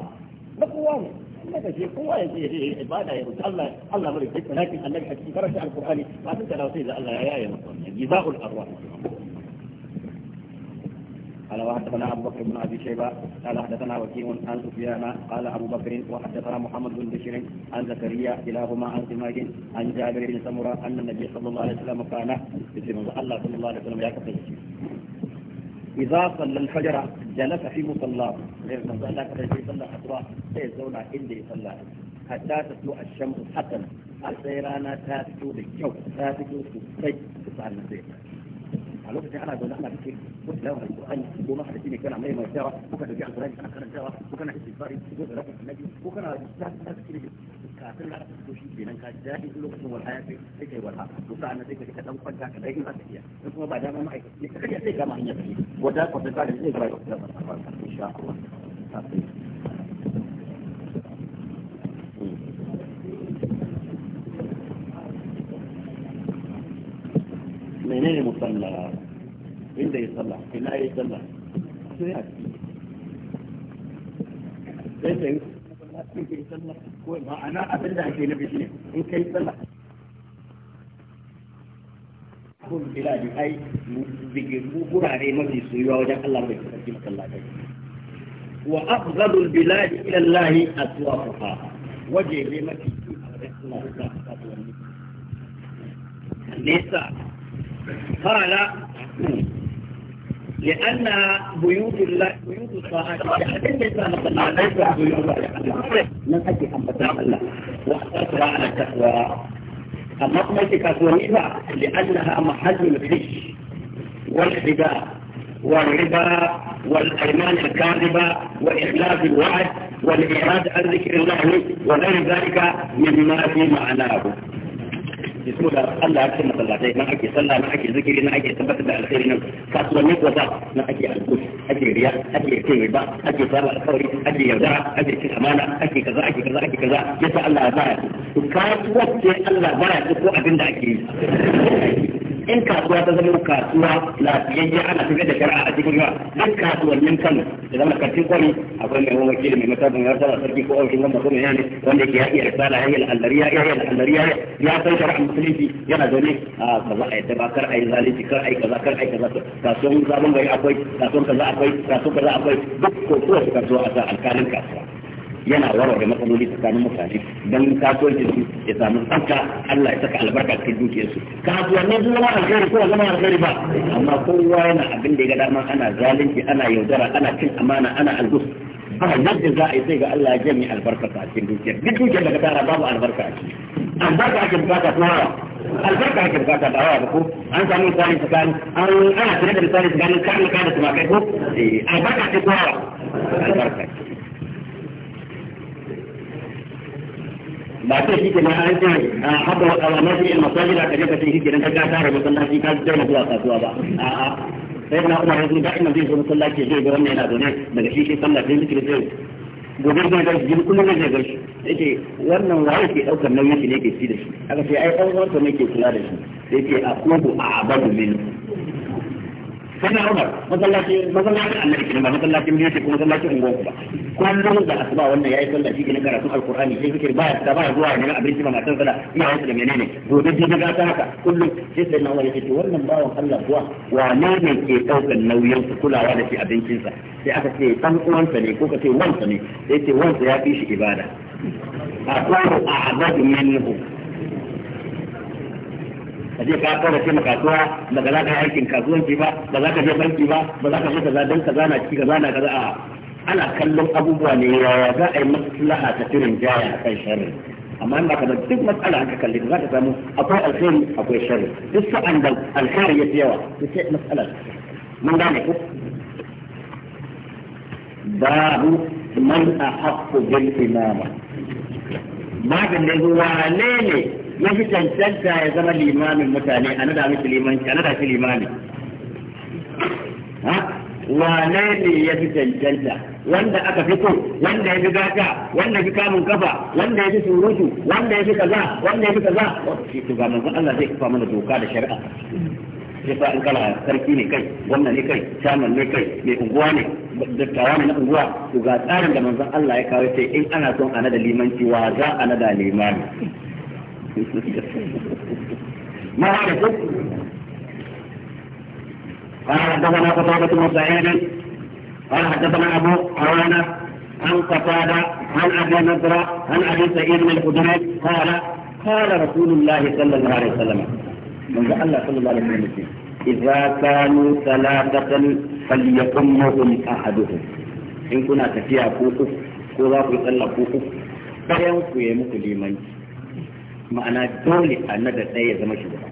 na kowa ne daga shi kowa ya je ya ibada ya rubuta Allah Allah mai sai lakin annabi a cikin karatu alqur'ani ba sun da sai da Allah ya yaya masa jizaul arwah قال وحدثنا ابو بكر بن ابي شيبه قال حدثنا وكيع عن سفيان قال ابو بكر وحدثنا محمد بن بشير عن زكريا كلاهما عن سماج عن جابر بن سمره ان النبي صلى الله عليه وسلم كان يسلم الله صلى الله عليه وسلم يكفي إذا صلى الفجر جلس في مصلاه غير من صلى كذا صلى حطوة sai zauna inda ya sallah hatta ta so a shan hasan har sai rana ta fito da kyau ta fito sosai sannan sai a lokacin ana zaune ana cikin ko tilawa alqur'ani ko ma hadisi ne kana mai mai tsara ko ka tafi alqur'ani kana karantawa ko kana istighfari ko da rabbul nabi ko kana da cikin kafin na ko shi kenan ka jadi lokacin wal hayati sai kai wal haka to sa'an sai ka dan kwanta ka dai in aka iya in kuma ba dama ma'aikaci ka kai sai ga ma hanya wata kwata ta da zai ga insha Allah لكن آية أنا أبدا في نبي إن كيف الله أقول بلادي أي بقرار مجلس يواجه الله بك الله وأفضل البلاد إلى الله أسواقها وجه لمجلس الله نساء قال لأن بيوت الله بيوت الطاعات حتى الإنسان طبعا ليس بيوت الله من أجل أن تتعب الله وأثر على التقوى النقمة كثيرة لأنها محل الغش والحداء والربا والأيمان الكاذبة وإخلاف الوعد والإعادة عن ذكر الله وغير ذلك مما في معناه bismillah Allah ya ce masallatai nan ake sallah nan ake zikiri nan ake tabbatar da alheri nan kasuwanni kuwa nan ake alkush ake riya ake cin riba ake saba alkawari ake yaudara ake cin amana ake kaza ake kaza ake kaza yasa Allah ya baya to kasuwanci Allah baya ko abin da ake yi in kasuwa ta zama kasuwa lafiyayya ana tafiya da shari'a a cikin yawa duk kasuwannin kano da zama karfin kwari akwai mai wakili mai matabin ya tsara sarki ko ofishin wanda kuma yana wanda ke yaƙi risala ya yi al'allariya ya yi al'allariya ya san shari'a musulunci yana zaune a kaza a yadda ba kar a yi zalunci kar a yi kaza kar a yi kaza kasuwan zaben gari akwai kasuwan kaza akwai kasuwan kaza akwai duk ko kowace kasuwa a sa alkalin kasuwa. yana da matsaloli tsakanin mutane don kasuwancin su ya samu tsaka Allah ya saka albarka cikin dukiyarsu kasuwanni su zama alheri ko zama alheri ba amma kowa yana abin da ya ga dama ana zalunci ana yaudara ana cin amana ana algus ba yadda za a yi sai ga Allah ya jami albarka a cikin dukiyar duk dukiyar daga tara babu albarka a ciki albarka ake bukata ko albarka ake bukata ba wa ko an samu misali tsakanin an ana tare da misali tsakanin kan kan da tumakai ko albarka ce ko albarka ce ba sai shi ke na an ce a haka wa kawamar shi masajid a kaje ka ce shi ke nan ka ka tare masallaci ka ji zuwa kasuwa ba a'a sai na umar yanzu da ina zai zo masallaci zai ga wannan yana zaune daga shi shi sallah sai zikiri zai gobe zai gashi jini kullum zai gashi yake wannan waye ke daukar nauyin shi ne ke ci da shi aka ce ai ɗan uwansa ne ke kula da shi yake a kogo a abadu min sai na umar masallaci masallaci annabi kenan ba masallacin biyu ce ko masallacin ku ba kullum da asuba wannan yayi sallah shi kenan karatun alqur'ani sai zikir ba ba zuwa ne abinci ba matan sallah ina wasu da menene gobe ji daga ta haka kullum sai sai na umar yace wannan bawan Allah kuwa wane ne ke daukan nauyin su kulawa da shi abincin sa sai aka ce dan uwansa ne ko ka ce wansa ne sai ce wansa ya fi shi ibada a kullu minhu ka je ka fara ce kasuwa ba za ka aikin kasuwanci ba ba za ka je banki ba ba za ka je kaza dan kaza na ci kaza na kaza a ana kallon abubuwa ne yaya za a yi maslaha ta tirin jaya a kan sharri amma in baka da duk matsala aka kalli za ka samu akwai alheri akwai sharri duk sa'an da alheri ya fi yawa to sai matsala mun gane ko babu man a haƙƙo bil imama babin da zuwa ne ne ya fi cancanta ya zama limamin mutane a nada miki limanci a nada shi limami wane ne ya fi cancanta wanda aka fi ko wanda ya fi gata wanda ya fi kamun kafa wanda ya fi surutu wanda ya fi kaza wanda ya fi kaza wata shi to ga manzon Allah zai kafa mana doka da shari'a sai fa in kala sarki ne kai wannan ne kai shaman ne kai mai unguwa ne dattawa ne na unguwa to ga tsarin da manzon Allah ya kawo sai in ana son ana da limanci wa za ana da limami ما هذا قال حدثنا قتادة بن سعيد قال حدثنا أبو عوانة عن قتادة عن أبي نضرة عن أبي سعيد بن الخدري قال قال رسول الله صلى الله عليه وسلم من الله صلى الله عليه وسلم إذا كانوا ثلاثة فليقمهم أحدهم إن كنا تفيها فوقف كذا في صلى فوقف فينقوا يمكلي ma'ana dole annabi ɗaya ya zama shugaba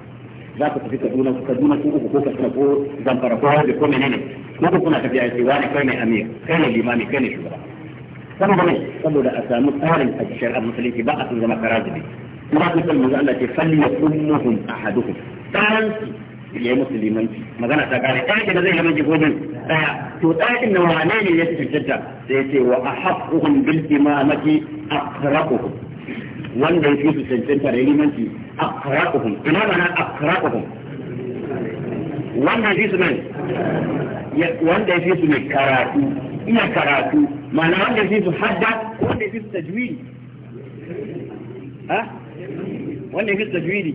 za ku tafi kaduna ku kaduna ku uku ko kasuna ko zamfara ko harbe ko menene ku kuna tafiya sai wani kai ne amir kai ne limami kai ne shugaba saboda ne saboda a samu tsarin a shari'ar musulunci ba a sun zama karazubi kuma ku san manzo Allah ce falli ummuhum ahaduhum tsaran ya yi musulmanci magana ta kare ɗaya da zai yi miji gudun ɗaya to ɗakin na wane ne ya fi cancanta sai ce wa a haƙƙuhun bil imamati a raƙuhun wanda yake su cancanta da limanci karakuhun ina mana akraquhum wanda yake su ne wanda yake su ne karatu ina karatu ma'ana wanda yake su hadda wanda yake su tajwidi ha wanda yake su tajwidi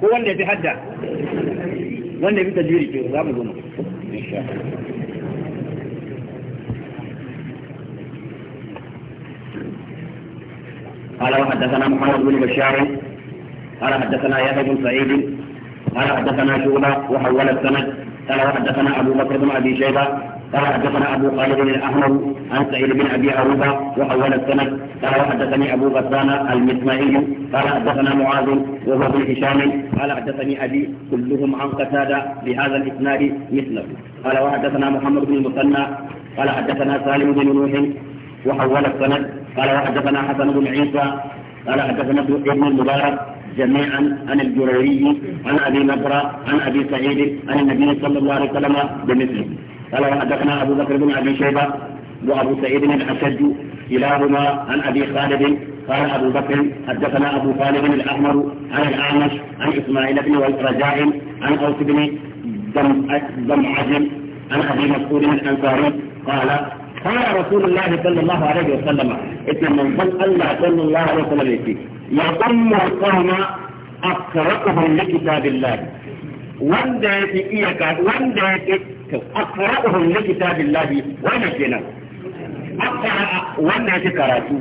ko wanda yake hadda wanda yake tajwidi ke za mu zo insha قال وحدثنا محمد بن بشار قال حدثنا يحيى بن سعيد قال حدثنا شعبة وحول السند قال وحدثنا أبو بكر بن أبي شيبة قال حدثنا أبو خالد الأحمر عن سعيد بن أبي عروبة وحول السند قال وحدثني أبو غسان المسمعي قال حدثنا معاذ وهو بن هشام قال حدثني أبي كلهم عن قتادة بهذا الإسناد مثله قال وحدثنا محمد بن المثنى قال حدثنا سالم بن نوح وحول السند قال وحدثنا حسن بن عيسى قال حدثنا ابن المبارك جميعا عن الجريري عن ابي نضرة عن ابي سعيد عن النبي صلى الله عليه وسلم بمثله قال وحدثنا ابو بكر بن ابي شيبه وابو سعيد الاشج كلاهما عن ابي خالد قال ابو بكر حدثنا ابو خالد الاحمر عن الاعمش عن اسماعيل بن رجاء عن اوس بن عجل عن ابي مسعود الانصاري قال قال رسول الله صلى الله عليه وسلم إن من ظن الله صلى الله عليه وسلم يكي يضم القوم أقرأهم لكتاب الله wanda ya fi iya ka wanda ya fi akra'uhum li kitabillahi wannan kenan akra wannan ya fi karatu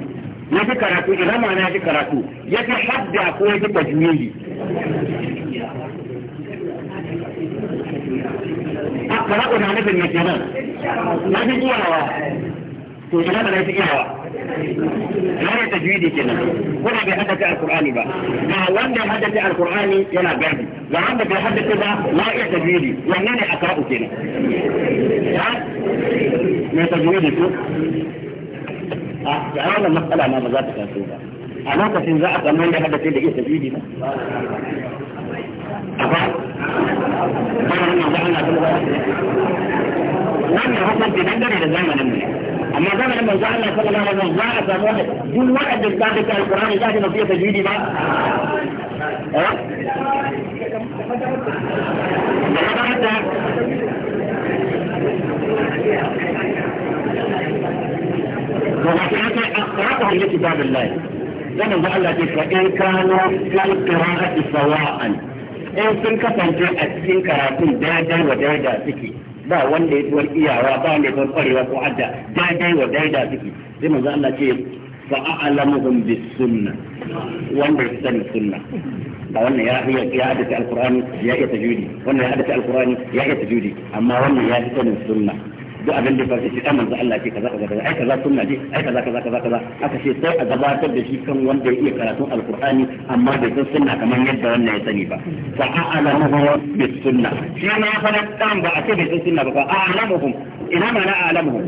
ya fi karatu ina ma na ya fi karatu ya fi hadda ko ya fi tajwidi أقرأ تعرف المكانات ما في إياها to ina ba na fi iyawa yana tajwidi kenan kuna bai haddace alqur'ani ba ga wanda ya haddace alqur'ani yana gadi ga wanda bai haddace ba la iya tajwidi wannan ne akra'u kenan ha me tajwidi ko a ga wannan matsala ma ba za ta taso ba a lokacin za a samu wanda haddace da iya tajwidi ba wannan hukunci dangane da zamanin ne amma zamanin manzo Allah sallallahu alaihi wasallam za a samu wani duk wanda da ta alqur'ani za ta mafiya tajwidi ba eh ومكانك أقرأه لكتاب الله كما قال لك فإن كانوا في القراءة سواء in sun kasance a cikin karatun daidai wa daida suke ba wanda ya tuwar iyawa ba wanda ya tuwar kwarewa ko adda daidai wa daida suke sai manzo Allah ce fa a'lamuhum bis sunna wanda ya sani sunna ba wannan ya ya haddace alqur'ani ya iya tajwidi wannan ya haddace alqur'ani ya iya tajudi amma wannan ya fi sanin sunna duk abin da ba shi dan manzo Allah ce kaza kaza ai kaza sunna ce ai kaza kaza kaza kaza aka ce sai a gabatar da shi kan wanda ya iya karatun alqur'ani amma bai san sunna kamar yadda wannan ya sani ba fa a'lamuhu bis sunna shi ma fa dan ba a ce bai san sunna ba fa a'lamuhum ina ma na a'lamuhum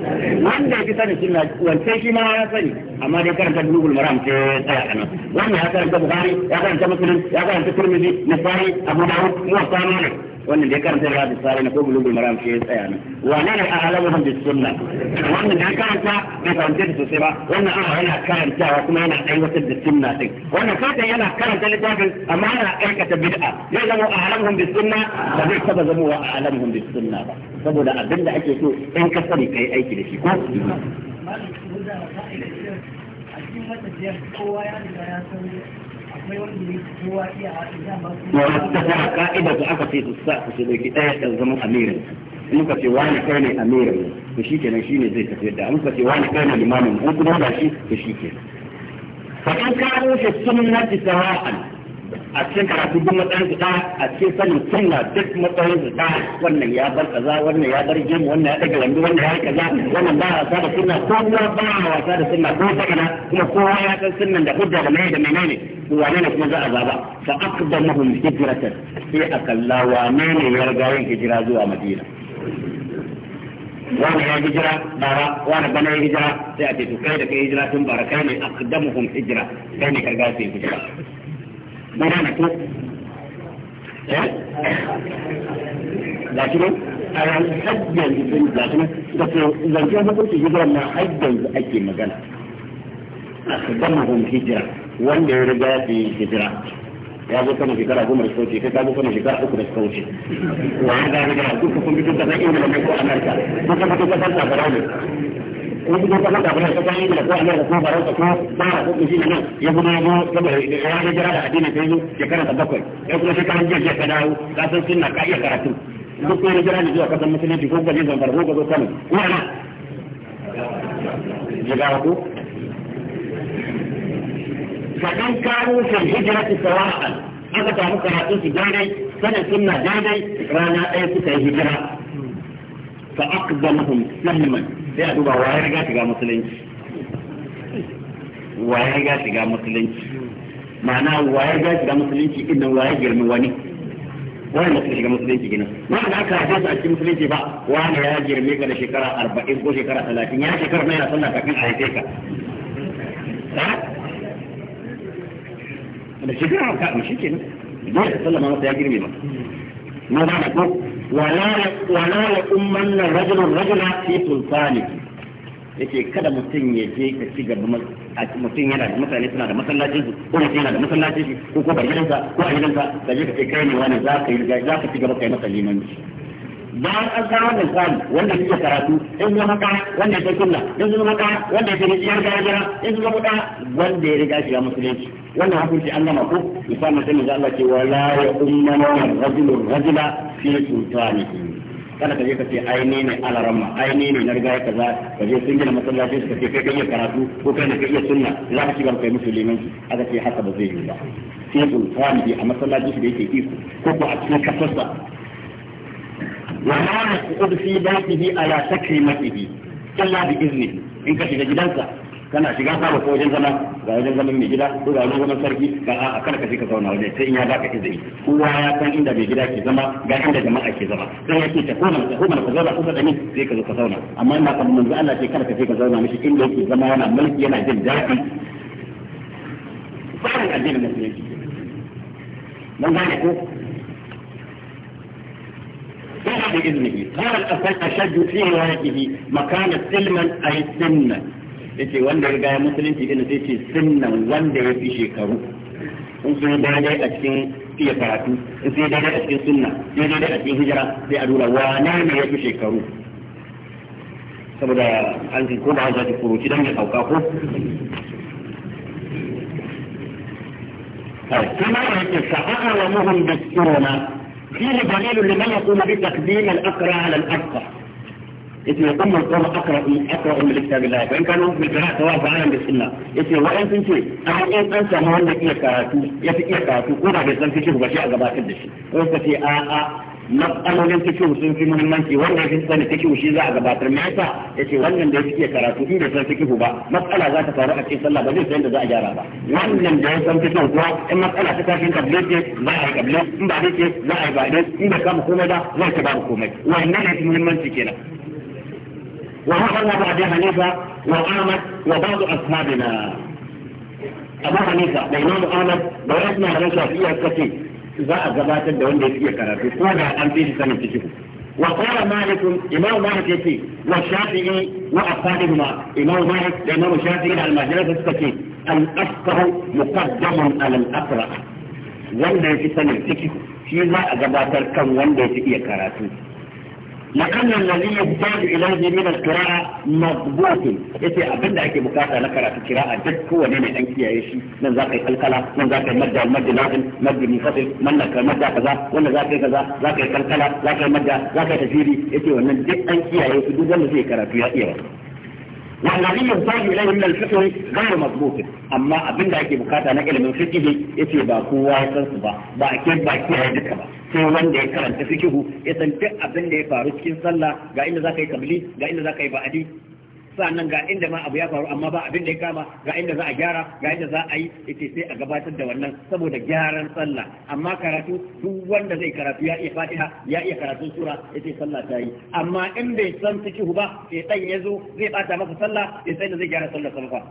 wanda ya sani sunna wancan shi ma ya sani amma dai karanta bulugul maram ce tsaya kana wannan ya karanta bukhari ya karanta muslim ya karanta tirmidhi nasai abu dawud muwaffaq malik wannan da ya karanta da ya sai na ko bulugul maram shi ya tsaya ne wane ne ahlamuhum bis sunna wannan da ya karanta da karanta da sai ba wannan ana yana karantawa kuma yana aiwatar da sunna din wannan fata yana karanta littafin amma yana aikata bid'a zai zama ahlamuhum bis sunna ba zai taba zama wa ahlamuhum bis sunna ba saboda abin da ake so in ka sani kai aiki da shi ko kowa ya riga ya san واتبع قاعدة أقصي الساعة في الكتاب تلزم أميرا muka ce wani kai ne amirin to shi kenan shi ne zai tafi da muka ce wani kai ne limamin in kuma da shi to shi kenan fa in sunnati sawa'an a cikin karatu duk matsayin su a cikin sanin sunna duk matsayin su wannan ya bar kaza wannan ya bar jim wannan ya daga wando wannan ya kaza wannan ba wasa da sunna kowa ba wasa da sunna ko sakana kuma kowa ya san sunnan da hujja da mai da menene to wane ne kuma za a zaba fa aqdamuhum hijratan sai akalla wane ne ya riga yin hijira zuwa madina wani ya hijira bara wani bana ya hijira sai a ce to kai da kai hijira tun bara kai ne aqdamuhum hijra kai ne karga sai hijira na ko eh ga shi ne a hajjan jikin ga da ko zancen hukunci hijira na hajjan ake magana a kaddama hun hijira wanda ya riga ya yi hijira ya zo kana shekara goma da sauce kai ka zo kana shekara uku da sauce wa ya ga riga duk kun bi da sai ne ko Amerika ko kuma ta kasar wani kuma ta mata kuma ta kai da ko Allah da ko barau ta ko fara ko shi nan ya kuma ya kuma ya ga jira da addini sai ya karanta bakwai ya kuma shi kan jiya ka dawo ka san sunna ka iya karatu duk wani jira ne zuwa kasan musulunci ko gaje zambar ko gazo kano ko ana ya ga ko فكان كانوا في الهجرة سواء aka samu karatun su daidai sanin sunna daidai rana ɗaya suka yi hijira fa aqdamahum salman sai a duba waye riga shiga musulunci waye riga shiga musulunci ma'ana waye riga shiga musulunci inda waye girmi wani wani da shiga musulunci gina da aka haɗe su a cikin musulunci ba wani ya girme ka da shekara arba'in ko shekara talatin ya shekara na yana sallah kafin a haife ka da shekara haka a mashi ke nan dole ya sallama masa ya girme ba ma ba na ko ولا ولا يؤمن الرجل الرجل في سلطانه yace kada mutum ya je ka ci gaba mutum yana da mutane suna da masallacin su ko mutum yana da masallacin shi ko ko bayan sa ko a gidansa da je ka ce kai ne wani za ka yi za ka ci gaba kai masa limanci bayan an kawo misali wanda suke karatu in zama ka wanda ya kunna in zama ka wanda ya rikiyar gargara in zama ka wanda ya riga shiga musulunci wannan hukunci an gama ko misali mutum da Allah ce wala ya umman rajulun rajula fi sultanihim kada ka je ka ce ai ne ne alaramma ai ne ne na riga kaza ka je sun gina masallaci suka ce kai kai karatu ko kai ne kai iya sunna za ka shiga kai musu limanci aka ce haka ba zai yi ba sai sultani bi a masallaci da yake iko ko ko a cikin kasarsa wa ma nasudu fi baitihi ala takrimatihi illa bi iznihi in ka shiga gidansa kana shiga saba ko wajen zama ga wajen zaman mai gida ko ga wajen zaman sarki ga a kada ka je ka zauna wajen sai in ya baka izini kowa ya san inda mai gida ke zama ga inda jama'a ke zama sai yake ta koma ta koma ka zauna kusa da ni sai ka zo ka zauna amma ina kan manzo Allah ce kada ka je ka zauna mishi inda yake zama yana mulki yana jin daɗi tsarin addinin musulunci mun gane ko كان بإذنه قال الأشد في روايته مكان سلما أي سنا yace wanda ya gaya musulunci din sai ce sunnan wanda ya fi shekaru in sun daidai a cikin iya karatu in sai daidai a cikin sunna sai daidai a cikin hijira sai a dura wane ne ya fi shekaru saboda an ji ko ba za ta kuruci dan ya sauka ko kuma wa كما يتسعى ومهم بالسنة فيه bi لمن al-aqra ala al الأفقه اسم يتم القول اقرا من اقرا من كتاب الله فان كان في القراءه سواء فعلا باسم الله اسم وان كنت انا ان انسى ما وانا كي يكاتو يكي يكاتو كون عبد السلام كي تشوف بشيء اغبى كدش وانت في اه اه مساله وانت تشوف سن في من المنكي في السنه كي تشوف شيء ذا اغبى ترميتا اسم وان كنت كي يكاتو كي يكاتو كي تشوف مساله ذات فارقه كي صلى بدون سند ذا اجارا با وان لم يسن كي تشوف كو ان مساله تكاتو انت بليتي لا يكبلي ان بعدك لا يكبلي ان كم كوميدا لا تبارك كوميدا وانما في من كده وهكذا أبو أبي حنيفة وأحمد وبعض أصحابنا أبو حنيفة الإمام أحمد لو أسمع على شافية اذا za a gabatar da wanda ya iya karatu ko وقال مالك إمام مالك يتي والشافعي وأصحابهما إمام مالك لإمام الشافعي على المجلس السكين الأفقه مقدم على الأقرأ وين ya fi sanin في shi za a وين kan wanda ya لكن الذي يحتاج إليه من القراءة مضبوط يتي أبدا أكي بكاتا نكرة في القراءة جد هو نين أنكي إيشي من ذاك الكلكلة من ذاك المد المجد لازم مد منفصل من لك مد كذا ومن ذاك كذا ذاك الكلكلة ذاك المد ذاك تجيري يتي ونن جد أنكي إيشي دو ولا زي كرة في رأيه والذي يحتاج إليه من الفقه غير مضبوط أما أبدا أكي بكاتا نكرة من الفقه يتي باكوا يسنصبا باكي باكي هيدك بقى sai wanda ya karanta fikihu ya san duk abin da ya faru cikin sallah ga inda za ka yi kabli ga inda za ka yi ba'adi sannan ga inda ma abu ya faru amma ba abin da ya kama ga inda za a gyara ga inda za a yi ita sai a gabatar da wannan saboda gyaran sallah amma karatu duk wanda zai karatu ya iya fatiha ya iya karatu sura ita sallah ta yi amma in bai san fikihu ba sai dan ya zo zai bata maka sallah sai sai da zai gyara sallah sallah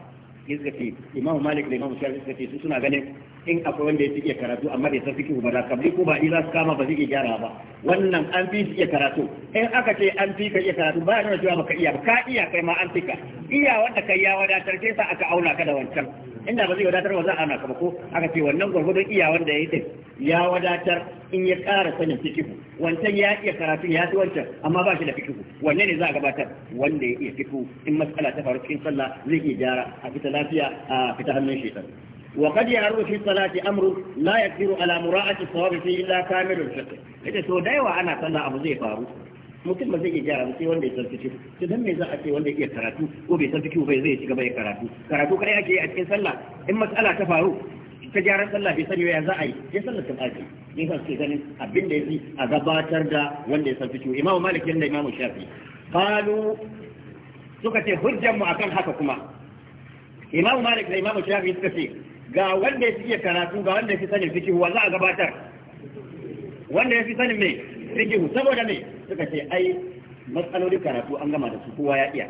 izzati imamu malik da imamu shafi izzati su suna ganin in akwai wanda ya iya karatu amma bai san fiqh ba da kabli ko ba ni za su kama ba zai iya gyara ba wannan an fi su iya karatu in aka ce an fi ka iya karatu ba ya nuna cewa ka iya ba ka iya kai ma an fi ka iya wanda kai ya wadatar tarke sa aka auna ka da wancan inda ba zai wadatar ba za a naka ba ko aka ce wannan gwargwadon iya wanda ya yi ya wadatar in ya ƙara sanin fikihu wancan ya iya karatu ya fi wancan amma ba shi da fikihu wanne ne za a gabatar wanda ya iya fikihu in matsala ta faru cikin sallah zai iya gyara a fita lafiya a fita hannun shaitan وقد يعرض في الصلاة أمر لا يقدر على مراعاة الصواب فيه إلا كامل الفقه. إذا سودايوا أنا صلى أبو زي فاروق mutum ba zai iya gyara sai wanda ya san fiki to dan me za a ce wanda ya iya karatu ko bai san fiki bai zai ci gaba ya karatu karatu kai ake yi a cikin sallah in matsala ta faru ta gyaran sallah bai sani ya za a yi ya sallar ta ɓaci in ka ce ganin abin da ya fi a gabatar da wanda ya san fiki imamu malik da imamu shafi qalu suka ce hujjan mu akan haka kuma imamu malik da imamu shafi suka ce ga wanda ya fi iya karatu ga wanda ya fi sanin fiki wa za a gabatar wanda ya fi sanin me fiqh saboda me suka ce ai matsalolin karatu an gama da su kowa ya iya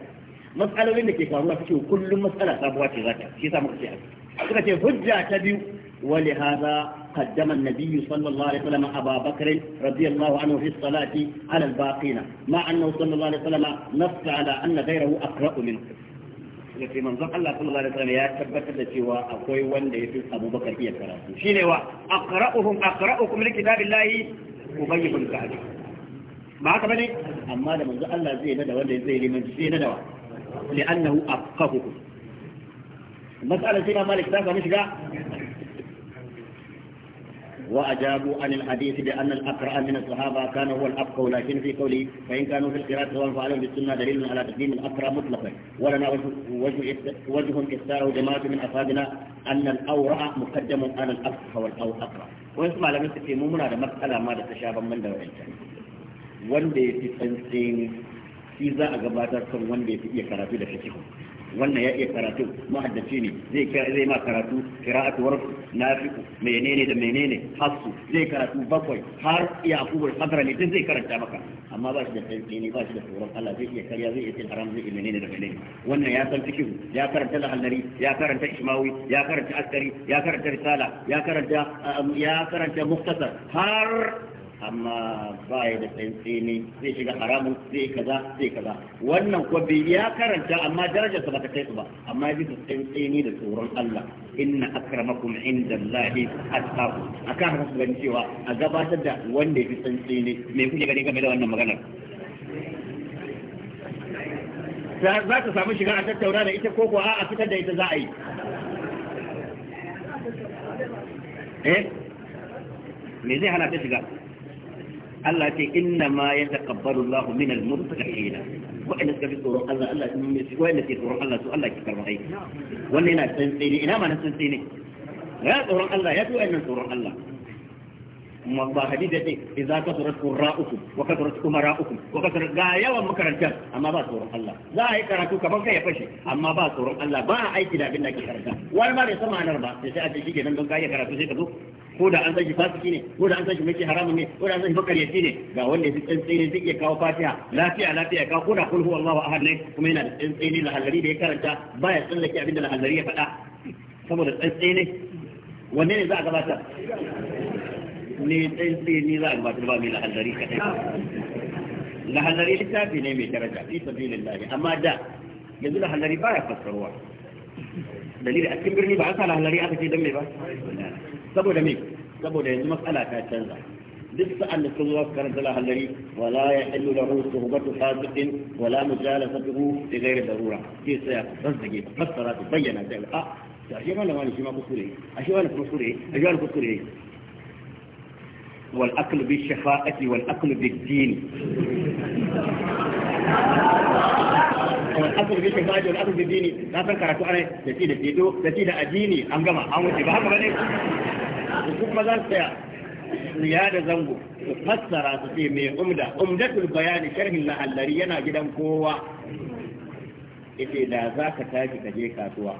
matsalolin da ke faruwa suke kullum matsala sabuwa ce zaka shi yasa muka ce suka ce hujja ta biyu ولهذا قدم النبي صلى الله عليه وسلم أبا بكر رضي الله عنه في الصلاة على الباقين مع أنه صلى الله عليه وسلم نص على أن غيره أقرأ منه في منظر الله صلى الله عليه وسلم يا تبت التي وأخوي وندي في أبو بكر هي كراسي شيني وأقرأهم أقرأكم لكتاب الله ubay ibn ka'ab ba haka bane amma da manzo Allah zai nada wanda zai liman zai nada wa li'annahu afqahu mas'alar sai malik ta samu shiga وأجابوا عن الحديث بأن الأقرأ من الصحابة كان هو الأفقه لكن في قوله فإن كانوا في القراءة سواء فعلهم بالسنة دليل على تقديم الأقرأ مطلقا ولنا وجه وجه اختاره جماعة من أصحابنا أن الأورع مقدم على الأفقه والأقرأ ويسمع لم يستفي ممنا مسألة ما تتشابه من دورين wanda ya fi tsantsin shi za a gabatar kan wanda ya fi iya karatu da fikihu wannan ya iya karatu muhaddaci ne zai kira zai ma karatu qira'atu warq nafiku menene da menene hasu zai karatu bakwai har yaqubul fadara ne zai karanta maka amma ba shi da tsanki ne ba shi da tsoron Allah zai iya karya zai iya cin haram zai iya menene da menene wannan ya san cikin ya karanta lahallari ya karanta ismawi ya karanta askari ya karanta risala ya karanta ya karanta muktasar har amma ba ya da tsantsini zai shiga haramun zai kaza zai kaza wannan kuwa bai ya karanta amma darajar sa baka kai su ba amma ya bisa tsantsini da tsoron Allah inna akramakum indallahi atqakum akan haka su gani cewa a gabatar da wanda ya fi tsantsini me kuke gani game da wannan maganar za ta samu shiga a tattauna da ita ko ko a fitar da ita za a yi eh me zai hana ta shiga Allah ce inna ma ya takabbaru Allahu min al-muttaqin wa'anda suka fi tsoron Allah Allah sun mai wa'anda ke tsoron Allah su Allah ki karɓa aiki wannan yana tsantsi ne ina ma na tsantsi ne ya tsoron Allah ya fi wa'annan tsoron Allah ba hadida ce idza kasurat qurra'ukum wa kasurat umara'ukum wa kasurat ga yawan makarantar amma ba tsoron Allah za a yi karatu kaman kai ya fashe amma ba tsoron Allah ba a aiki da abin da ke karanta wani ma bai san ma'anar ba sai a ce shi kenan don ka iya karatu sai ka zo ko da an san shi fasiki ne ko da an san shi mai haramun ne ko da an san shi makaryaci ne ga wanda yake tsantsene zai iya kawo fatiha lafiya lafiya ka ko da kul huwallahu ahad ne kuma yana da tsantsene da halari da ya karanta baya tsallake abinda da ya faɗa saboda tsantsene wanne ne za a gabatar ne tsantsene za a gabatar ba mai lahallari kadai lahallari littafi ne mai daraja fi sabilillah amma da yanzu lahallari baya fassarwa dalili a cikin birni ba an sa lahallari aka ce dan me ba saboda me saboda yanzu matsala ta canza duk sa'an da sun zo karanta lahallari wala ya illu lahu suhbatu fasiqin wala mujalasatuhu bi ghairi darura ke sai ya tsantsage fassara ta bayyana ta a ashe wannan wani shi ma kusure kuskure ashe wannan a shi wannan kusure wal aklu bi shafa'ati wal aklu bi din wal asr bil ibadi wal asr dini na san karatu ana da shi da fito da shi da addini an gama an wuce ba haka bane su kuma za su ya da zango su fassara su ce mai umda umdatul bayani sharhin lahallari yana gidan kowa yace da za ka tashi ka je kasuwa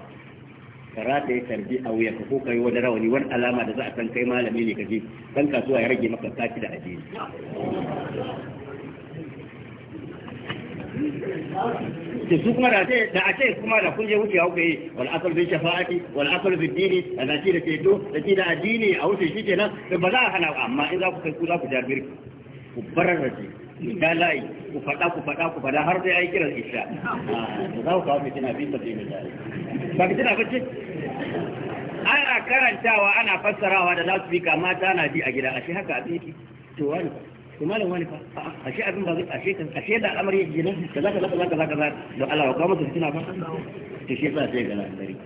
ka rata ya tarbi a wuya ka ko ka yi wani rawani wani alama da za a san kai malami ne ka je dan kasuwa ya rage maka kaci da addini ke su kuma da ce da ake kuma da kun je wuce hauka yi wal asal bin shafa'ati wal asal bin dini da zaki da ceto da ki da addini a wuce shi kenan ba za a hana amma in za ku kai ku za ku jarbir ku barar da da layi ku faɗa ku faɗa ku faɗa har sai ai kiran isha da za ku kawo fitina bin ba sai ba fitina ba ce ana karantawa ana fassarawa da lasfika mata na ji a gida a shi haka a tsiki to wani to malam wani da al'amari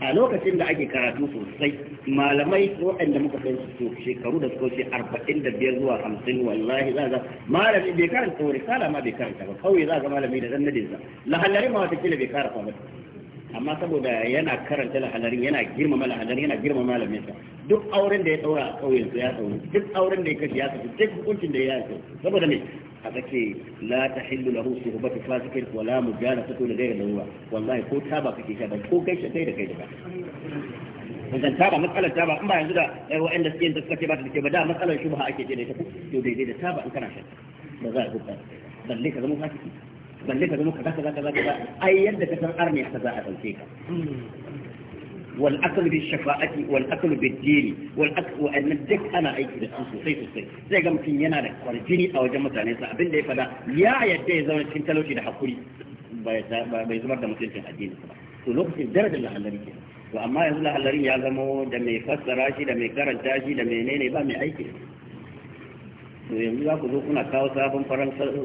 a lokacin da ake karatu sosai malamai inda muka san su shekaru da suka arba'in zuwa hamsin wallahi za ga malami bai karanta wani kala ma bai karanta ba kawai za ga malami da zannadin sa lahalari ma wata kila bai karanta ba amma saboda yana karanta lahalarin yana girmama malamin yana girmama malamin sa duk auren da ya daura a kauyen ya dauri duk auren da ya kashi ya kashe duk hukuncin da ya yi saboda me a ce la tahillu lahu suhbatu fasikin wa la mujalasatu li ghayri darura wallahi ko ta ba kake sha ba ko kai sha kai da kai da ba kan taba matsalar taba in ba yanzu da wa'anda suke da suka ce ba ta dake ba da matsalar shubha ake ce da ita to daidai da taba in kana sha ba za a gubta balle ka zama fasiki balle ka zama kaza kaza kaza ai yadda ka san arni za a dauke ka والأكل بالشفاعة والأكل بالدين والأكل وأن الدك أنا أيك بسوس وسيس وسيس زي قام في ينادك ورجيني أو جمع تاني سأبين لي فدا يا يدي زون كنتلوشي لحقولي بيزمر دا مسلسل الدين ولوك في الدرجة اللي حلالي كده وأما يقول لها اللي يا زمو دا ميفسر راشي دا ميكرن تاشي دا مينيني با مي أيك to yanzu za ku zo kuna kawo sabon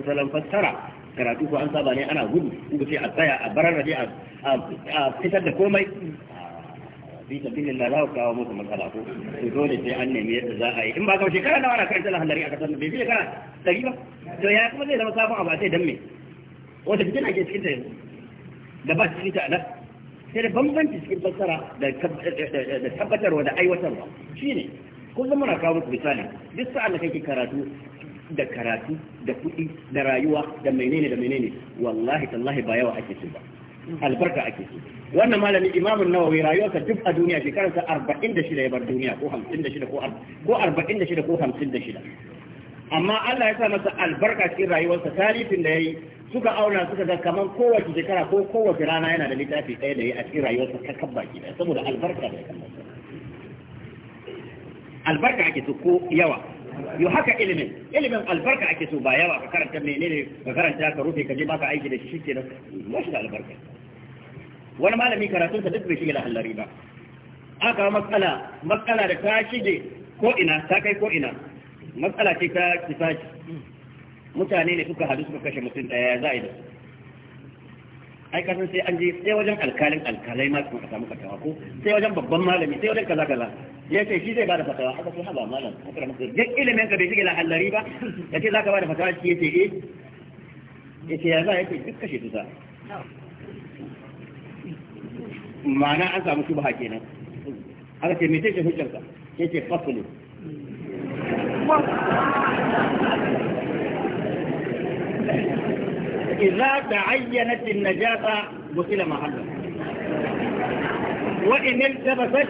salon fassara karatu ko an saba ne ana gudu ku ce a tsaya a barar da a fitar da komai fi na za ku kawo musu matsala ko to dole sai an nemi yadda za a yi in ba ka shekara nawa ana karanta halari a kasar bai fi shekara dari ba to ya kuma zai zama sabon abu sai dan me wata fitin ake cikin ta yanzu da ba cikin ta nan sai da bambanci cikin fassara da tabbatarwa da aiwatarwa shine kullum muna kawo musu misali duk sa'an da kake karatu da karatu da kuɗi da rayuwa da menene da menene wallahi tallahi ba yawa ake so ba albarka ake so wannan malami imamu nawawi rayuwarsa duk a duniya shekararsa arba'in da shida ya bar duniya ko hamsin da shida ko arba'in da shida ko hamsin da shida amma Allah ya sa masa albarka cikin rayuwarsa talifin da ya yi suka auna suka ga kamar kowace shekara ko kowace rana yana da littafi ɗaya da ya a cikin rayuwarsa ta kabba ki saboda albarka da ya albarka ake so ko yawa yo haka ilimin ilimin albarka ake so ba yawa ka karanta menene ka karanta ka rufe ka je baka aiki da shi shikenan da shi da albarka wani malami karatun sa duk bai shiga da hallari ba aka matsala matsala da ta shige ko ina ta kai ko ina matsala ce ta kisaci mutane ne suka hadu suka kashe mutum daya za a yi da su ai kasan sai an je sai wajen alkalin alkalai ma kuma samu fatawa ko sai wajen babban malami sai wajen kaza kaza ya ce shi zai bada fatawa haka sai haba malam aka masa duk ilimin ka bai shiga la hallari ba ya ce yace zaka bada fatawa shi ya ce eh ya ce ya za yace duk kashe su tuza ma'ana an samu ba shubha nan aka ce mai ce hujjar ka sai ce fasulun idza ta'ayyanat an-najata butila mahallu wa in iltabasat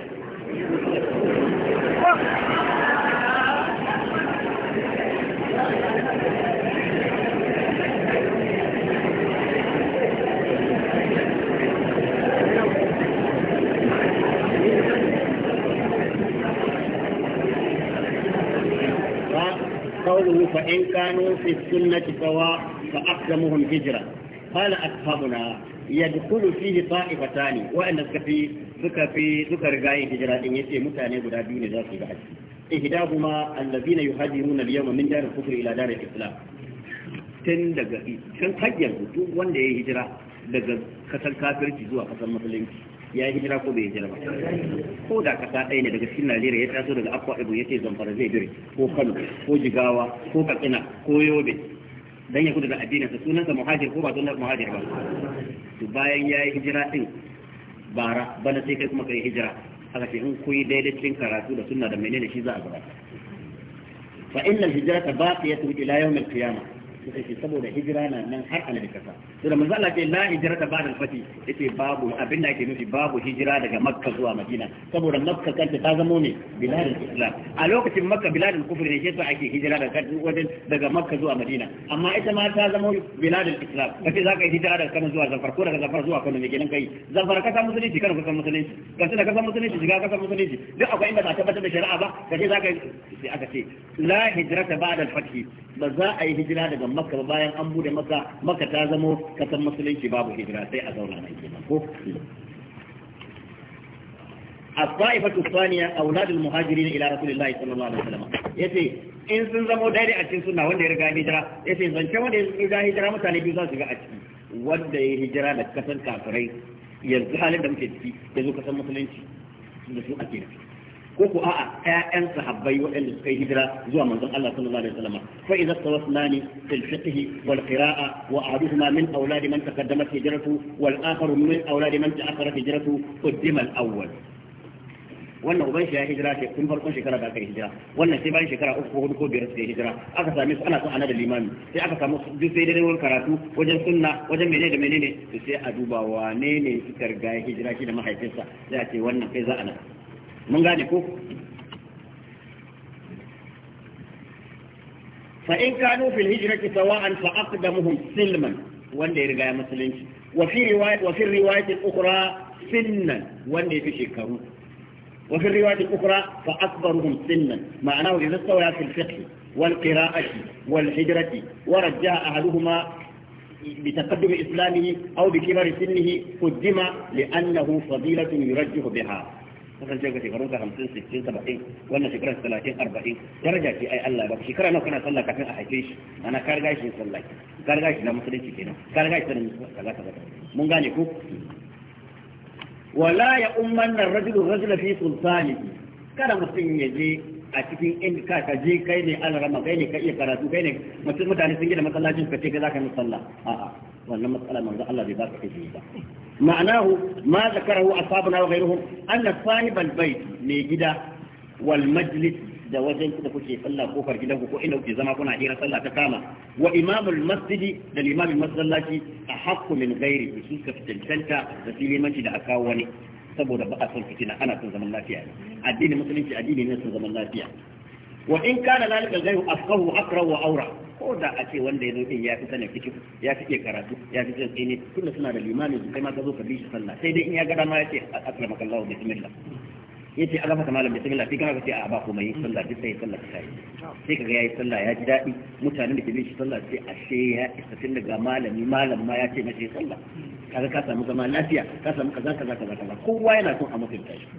وإن كانوا في السنة سواء فأقدمهم هجرة قال أصحابنا يدخل فيه طائفتان وأن في سكا في سكا رجاي هجرة إن يتي متاني غدا بيون ذاتي بعد إحداهما الذين يهاجرون اليوم من دار الكفر إلى دار الإسلام tun daga can hajjar duk wanda ya hijira daga kasar kafirci zuwa kasar musulunci ya yi hijira ko bai hijira ba ko da kasa ɗaya ne daga cikin Najeriya ya taso daga Akwa ya ce Zamfara zai bire ko Kano ko Jigawa ko Katsina ko Yobe dan ya gudu da addinin sa sunansa muhajir ko ba sunan muhajir ba to bayan ya yi hijira din bara bana sai kai kuma kai hijira aka ce in koyi yi daidai cikin karatu da sunna da menene shi za a gaba fa innal hijrata baqiyatu ila yawmil qiyamah suka ce saboda hijira na nan har alal kasa to da manzo Allah ce la hijira da ba'da al-fati yace babu abin da ake nufi babu hijira daga makka zuwa madina saboda makka kanta ta zamo ne biladul islam a lokacin makka biladul kufr ne yasa ake hijira daga wajen daga makka zuwa madina amma ita ma ta zamo biladul islam kace zaka yi hijira daga Kano zuwa Zamfara ko daga Zamfara zuwa Kano ne kenan kai Zamfara kasa musulunci Kano kasa musulunci kace daga kasa musulunci shiga kasa musulunci duk akwai inda ba tabbatar da shari'a ba kace zaka yi aka ce la hijrata ba'da al-fath ba za a yi hijira daga ban maka bayan an bude maka maka ta zamo kasan musulunci babu hijira sai a zauna nan kenan ko الطائفة الثانية أولاد المهاجرين إلى ila الله صلى الله عليه وسلم يتي in sun zamo daidai a cikin suna wanda ya riga hijira ya ce zance wanda ya riga hijira mutane biyu za su ga a ciki wanda ya hijira da kasan kafirai yanzu halin da muke ciki ya zo kasan musulunci da su ake nufi ko ko a'a ƴaƴan sahabbai waɗanda suka yi hijira zuwa manzon Allah sallallahu alaihi wasallam fa idza tawaslani fil fiqh wal qira'a wa ahaduhuma min awlad man taqaddamat hijratu wal akharu min awlad man ta'akhkharat hijratu qaddima al awwal wannan uban shi ya hijira ke kun farkon shekara da aka hijira wannan sai bayan shekara uku ko hudu ko biyar suka hijira aka same su ana son ana da limami sai aka samu duk sai dai wurin karatu wajen sunna wajen menene da menene su sai a duba wane ne su riga hijira shi da mahaifinsa sai a ce wannan kai za a nan mun gane ko fa in kanu fil hijrati sawa'an fa aqdamuhum silman wanda ya riga ya musulunci wa fi riwayat wa fi riwayat ukhra sinnan wanda ya fi shekaru وفي الرواية الأخرى فأكبرهم سنا معناه إذا استوى في الفقه والقراءة والهجرة ورجع أهلهما بتقدم إسلامه أو بكبر سنه قدم لأنه فضيلة يرجح بها kasance ga shekarun ka hamsin sittin saba'in wannan shekarar talatin arba'in daraja ce ai Allah ba shekara nawa kana sallah kafin a haife shi ana ka riga shi sallah ka riga shi na musulunci kenan ka riga shi na kaza kaza mun gane ko wala ya umman nan rajulu rajula fi sultani kada mutum ya je a cikin in ka ka je kai ne an rama kai ne ka iya karatu kai ne mutum mutane sun gina masallacin ka ce ka zaka yi sallah a'a wannan matsala manzo Allah bai ba ka izini ba ma'anahu ma zakarahu ashabuna wa ghayruhum anna sanibal bait mai gida wal majlis da wajen da kuke sallah kofar gidanku ko inda kuke zama kuna hira sallah ta kama wa imamul masjidi da limamin masallaci a haqqu min ghairi su ka fitantanta da limanci da aka wani saboda ba a son fitina ana son zaman lafiya addinin musulunci addini ne son zaman lafiya wa in kana zalika zai afqahu akra wa aura ko da a ce wanda ya zo din ya fi sanin fikihu ya fi karatu ya fi jin tsini tunda suna da limami kai ma ka zo ka bi shi sallah sai dai in ya gada ga dama ya ce akramakallahu bismillah yace a gafa malam bismillah sai kana ce a ba ko mai sallah duk sai sallah ta yi sai kaga yayi sallah ya ji dadi mutanen da ke bi shi sallah sai ashe ya isa tun daga malami malam ma ya ce mace sallah kaga ka samu zama lafiya ka samu kaza kaza kaza kaza kowa yana son a mutunta shi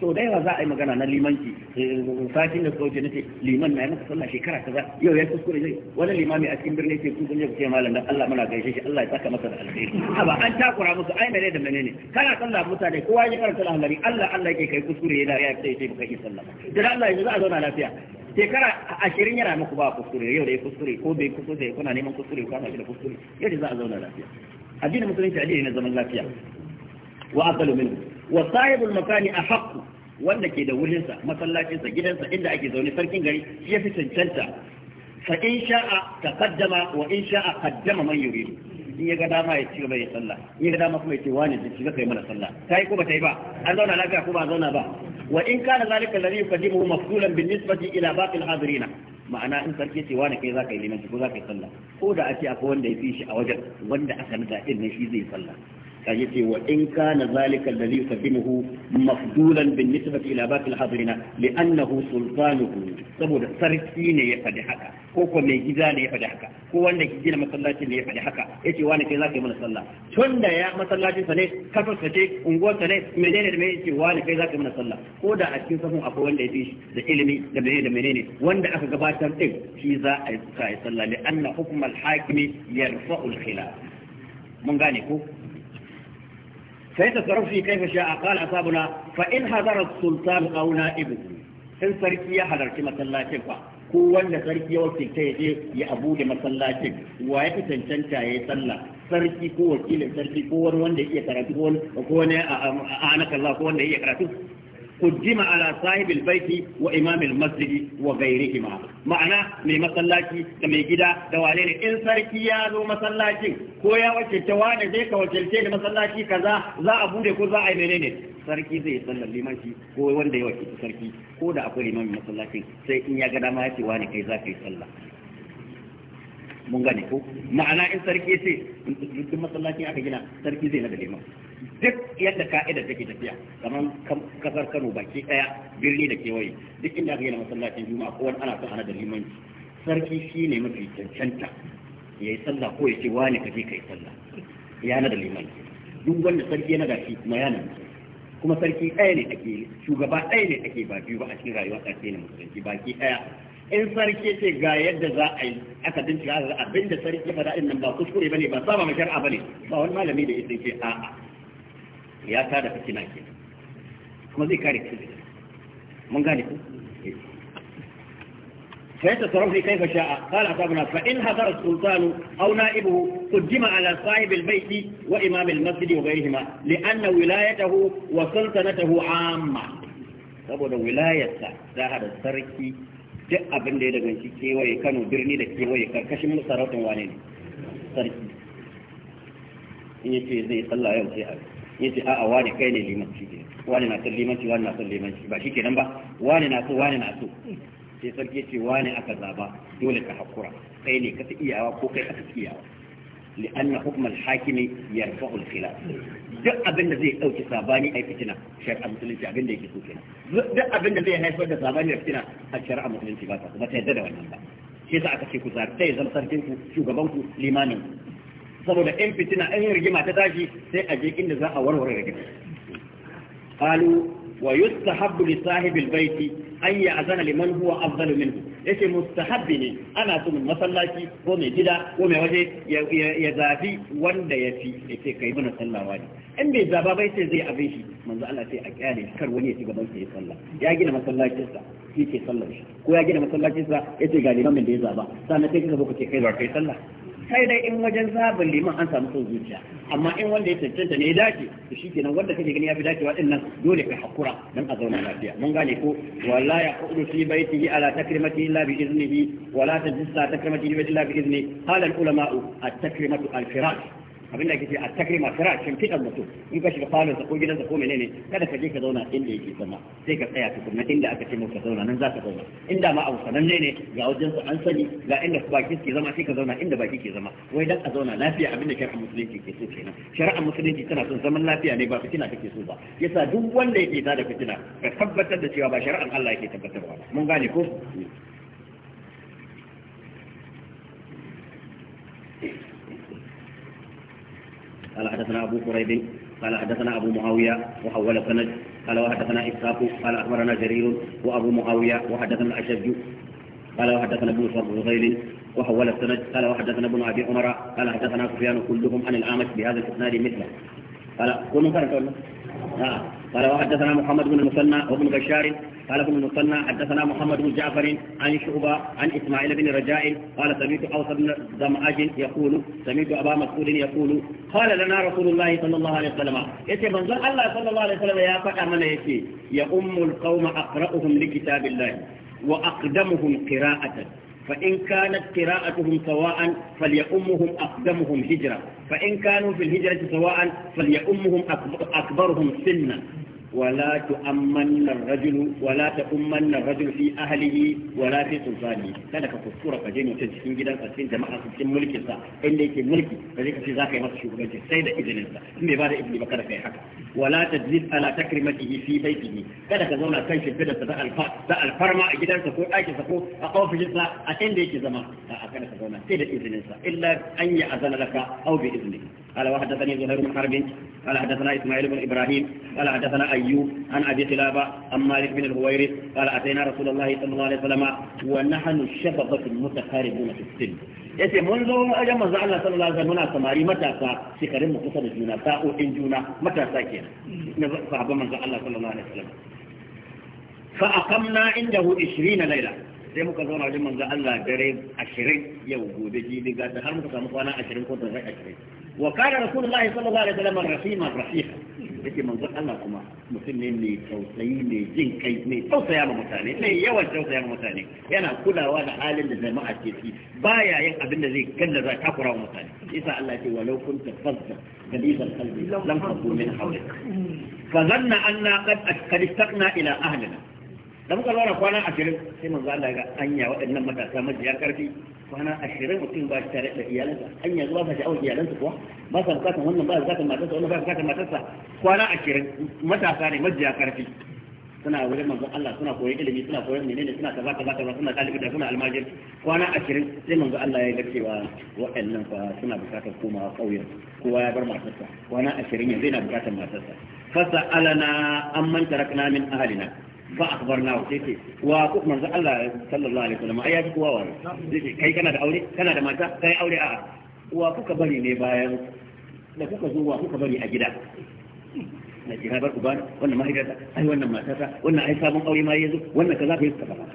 so da yawa za a yi magana na limanci eh, sakin da suka wuce nace liman na masa sallah shekara kaza yau ya kuskure zai wani limami a cikin birni ke ku kun ce malam dan Allah muna gaishe shi Allah ya saka masa da alheri aba an takura musu ai mene da menene kana sallah mutane kowa ya karanta alhamdulillah Allah Allah yake kai kuskure yana ya sai sai baka yi sallah dan Allah ya za a zauna lafiya shekara ashirin yana muku ba kuskure yau da ya kuskure ko bai kuskure kuna neman kuskure ko kana da kuskure yau da za a zauna lafiya addinin musulunci addini na zaman lafiya wa aqalu minhu wa sahibul makani a haƙƙu wanda ke da wurinsa masallacinsa gidansa inda ake zaune sarkin gari shi ya fi cancanta fa in sha'a taqaddama wa in sha'a qaddama man yuridu in ya ga dama ya ci gaba ya sallah in ya ga dama kuma ya ce wani da shiga kai mana sallah kai ko ba yi ba an zauna lafiya ko ba zauna ba wa in kana zalika alladhi yuqaddimuhu mafdulan bin nisbati ila baqi al-hadirin ma'ana in sarki ce wani kai zaka yi limanci ko zaka yi sallah ko da ake akwai wanda ya fi shi a wajen wanda aka nada din ne shi zai sallah kaje ce wa in kana zalika alladhi yusabbihu mafdulan bin nisbati ila baqi al-hadirina li'annahu sultanuhu saboda sarki ne ya faɗi haka ko ko mai gida ne ya faɗi haka ko wanda ke gina masallacin ne ya faɗi haka yace wani kai zaka yi mana sallah tun da ya masallacin sa ne kafar sa ce unguwar sa ne menene da menene yace wani kai zaka yi mana sallah ko da a cikin safin akwai wanda ya fi shi da ilimi da menene da menene wanda aka gabatar din shi za a yi sallah li'anna hukm al-hakimi yarfa'u al-khilaf mun gane ko فيتصرف فيه كيف شاء قال أصابنا فإن حضر السلطان أو نائبه إن سركي حضر كما سلاتين ko wanda sarki ya wakilta ya je ya abu da masallacin wa ya fi cancanta ya yi sallah sarki ko wakilin sarki ko wanda ya iya karatu ko wani a ko wanda ya iya karatu قدم على صاحب البيت وإمام المسجد وغيرهما معنى من مسلاكي كما يجد دوالين إن سركي يا ذو مسلاكي كويا وكتوان ذيك وكلتين مسلاكي كذا ذا أبودي كذا أي sarki zai sallar limanci ko wanda ya wakilci sarki ko da akwai limamin masallacin sai in ya ga dama ya ce wani kai za ka yi sallah mun gane ko ma'ana in sarki ya ce duk masallaci aka gina sarki zai nada liman duk yadda ka'ida take tafiya kamar kasar Kano baki daya birni da kewaye duk inda aka gina masallacin juma'a ko wani ana son ana da limanci sarki shine mafi cancanta ya yi sallah ko ya ce wani kaje kai sallah ya nada limanci duk wanda sarki ya nada shi kuma ya nada kuma sarki ɗaya ne take shugaba ɗaya ne take ba biyu ba a cikin rayuwa ƙarfe ne musulunci baki ɗaya in sarki ce ga yadda za a yi aka bincika aka abin da sarki ya faɗa din nan ba kuskure bane ba saba mai shar'a bane ba wani malami da yake ce a a ya ta da fitina ke kuma zai kare ki mun gane ku sai ta sarrafa kai fa sha'a qala asabuna fa in hadara sultanu aw na'ibuhu qaddima ala sahib al-bayt wa imam al-masjid wa ghayrihima li'anna wilayatahu wa sultanatahu amma saboda wilayarsa da hada sarki duk abin da ya shi kewaye kano birni da kewaye karkashin masarautar wane ne sarki in ya ce zai tsalla yau sai a ya ce a'a wane kai ne limanci ke wane na son limanci wane na son limanci ba shi kenan ba wane na so wane na so sai sarki ya ce wane aka zaba dole ka hakura kai ne ka ta iyawa ko kai aka iyawa لأن حكم الحاكم يرفع الخلاف duk abin da zai ɗauki sabani a fitina shari'a musulunci abin da yake so kenan duk abin da zai haifar da sabani a fitina a shari'a musulunci ba ta kuma ta yadda da wannan ba shi za aka ce ku zaɓi sai sarkin ku shugaban ku limamin saboda in fitina in rigima ta tashi sai a je inda za a warware rigima qalu wa yustahabbu li sahibil baiti an ya'zana liman huwa afdalu minhu yake mustahabbi ne ana so masallaci ko mai gida ko mai waje ya zafi wanda ya fi ya ce kai mana sallawa ne in bai zaba bai sai zai abin shi manzo Allah sai a kyale kar wani ya ci gaban sa ya sallah ya gina masallacinsa shi ke sallar shi ko ya gina masallacinsa ya ce ga limamin da ya zaba sannan sai kika zo ka ce kai ba kai sallah sai dai in wajen zaɓin liman an samu son zuciya amma in wanda ya cancanta ne ya dace to shi kenan wanda kake gani ya fi dacewa din nan dole ka hakura dan a zauna lafiya mun gane ko wala ya qudu fi baitihi ala takrimati illa bi iznihi wala tajissa takrimati illa bi izni qala al ulama at takrimatu al firash abin da kace a takrima tara shin fidan mutum in ka shiga falon sa ko gidan ko menene kada ka je ka zauna inda yake zama sai ka tsaya tukunna inda aka ce maka zauna nan za ka zauna inda ma abu sananne ne ga wajen sa an sani ga inda baki ke zama sai ka zauna inda baki ke zama wai dan a zauna lafiya abin da shari'a musulunci ke so kenan shari'a musulunci tana son zaman lafiya ne ba fitina take so ba yasa duk wanda yake da fitina ka tabbatar da cewa ba shari'an Allah yake tabbatarwa mun gane ko قال حدثنا أبو قريب قال حدثنا أبو معاوية وحول السند قال وحدثنا إسحاق قال أخبرنا جرير وأبو معاوية وحدثنا الأشج قال وحدثنا ابو فضيل وحول السند قال وحدثنا ابن أبي عمر قال حدثنا سفيان كلهم عن الأعمش بهذا الإسناد مثله قال كلهم كانوا قال وحدثنا محمد بن المثنى وابن بشار قال ابن المثنى حدثنا محمد بن جعفر عن شعبة عن إسماعيل بن رجاء قال سمعت أوس بن ضمعج يقول سمعت أبا مسعود يقول قال لنا رسول الله صلى الله عليه وسلم يتي منزل الله صلى الله عليه وسلم يا فتى من يتي يا أم القوم أقرأهم لكتاب الله وأقدمهم قراءة فإن كانت قراءتهم سواء فليؤمهم أقدمهم هجرة فإن كانوا في الهجرة سواء فليؤمهم أكبرهم سنا ولا تؤمن الرجل ولا تؤمن الرجل في اهله ولا في سلطانه kada ka kuskura ka je cikin gidan ka cikin jama'a cikin mulkin sa inda yake mulki ba zai kace zaka yi masa shugabanci sai da izinin sa in bai bada izini ba kada kai haka wala tajlis ala takrimatihi fi baitihi kada ka zauna kan shimfidar sa da alfarma a gidansa ko ɗakin sa ko a ofishin sa a zama kada ka zauna sai da izinin sa illa an ya azana bi iznihi قال وحدثني زهير بن حرب قال حدثنا اسماعيل بن ابراهيم قال حدثنا ايوب عن ابي خلابه عن مالك بن الهويرس قال اتينا رسول الله صلى الله عليه وسلم ونحن الشبب المتقاربون في السن. يتي منذ اجم صلى الله عليه وسلم هنا سماري متى سا في مقصد الجنا سا او انجونا متى سا كير صحابه من صلى الله عليه وسلم فاقمنا عنده 20 ليله sai muka zauna wajen manzo Allah 20 yau gobe ji diga har muka 20 ko da 20 وكان رسول الله صلى الله عليه وسلم الرحيم الرفيق yake manzon Allah kuma mutum ne mai tausayi mai jin kai mai tausaya ma mutane mai yawan tausaya ma mutane yana kulawa da halin da jama'a ke ci baya yin abin da zai ganda za ta wa mutane isa Allah ce walau kunta fazza galiban garisar lam tabu min hawlik fa zanna anna qad qad istaqna ila ahlina da muka zauna kwana ashirin sai manzo Allah ga anya waɗannan matasa majiya karfi kwana ashirin mutum ba shi tare da iyalansa anya zuwa ba shi awon iyalansa kuwa ba sa bukatan wannan ba bukatan matarsa wannan ba bukatan matarsa kwana ashirin matasa ne majiya karfi suna wurin manzon Allah suna koyon ilimi suna koyon menene suna kaza kaza kaza suna talibi da suna almajir kwana ashirin sai manzon Allah ya ga cewa waɗannan fa suna bukatar komawa ƙauyen kowa ya bar matarsa kwana ashirin yanzu yana bukatar matarsa fasa alana an mantara tarakna min ahalina fa nawa sai ce wa ko manzo Allah sallallahu alaihi wasallam ai ya ji kowa wani sai ce kai kana da aure kana da mata kai aure a'a wa kuka bari ne bayan da kuka zo wa kuka bari a gida na jira bar uba wannan mahaifiyarta ai wannan matata wannan ai sabon aure ma yazo wannan kaza ka yi suka fara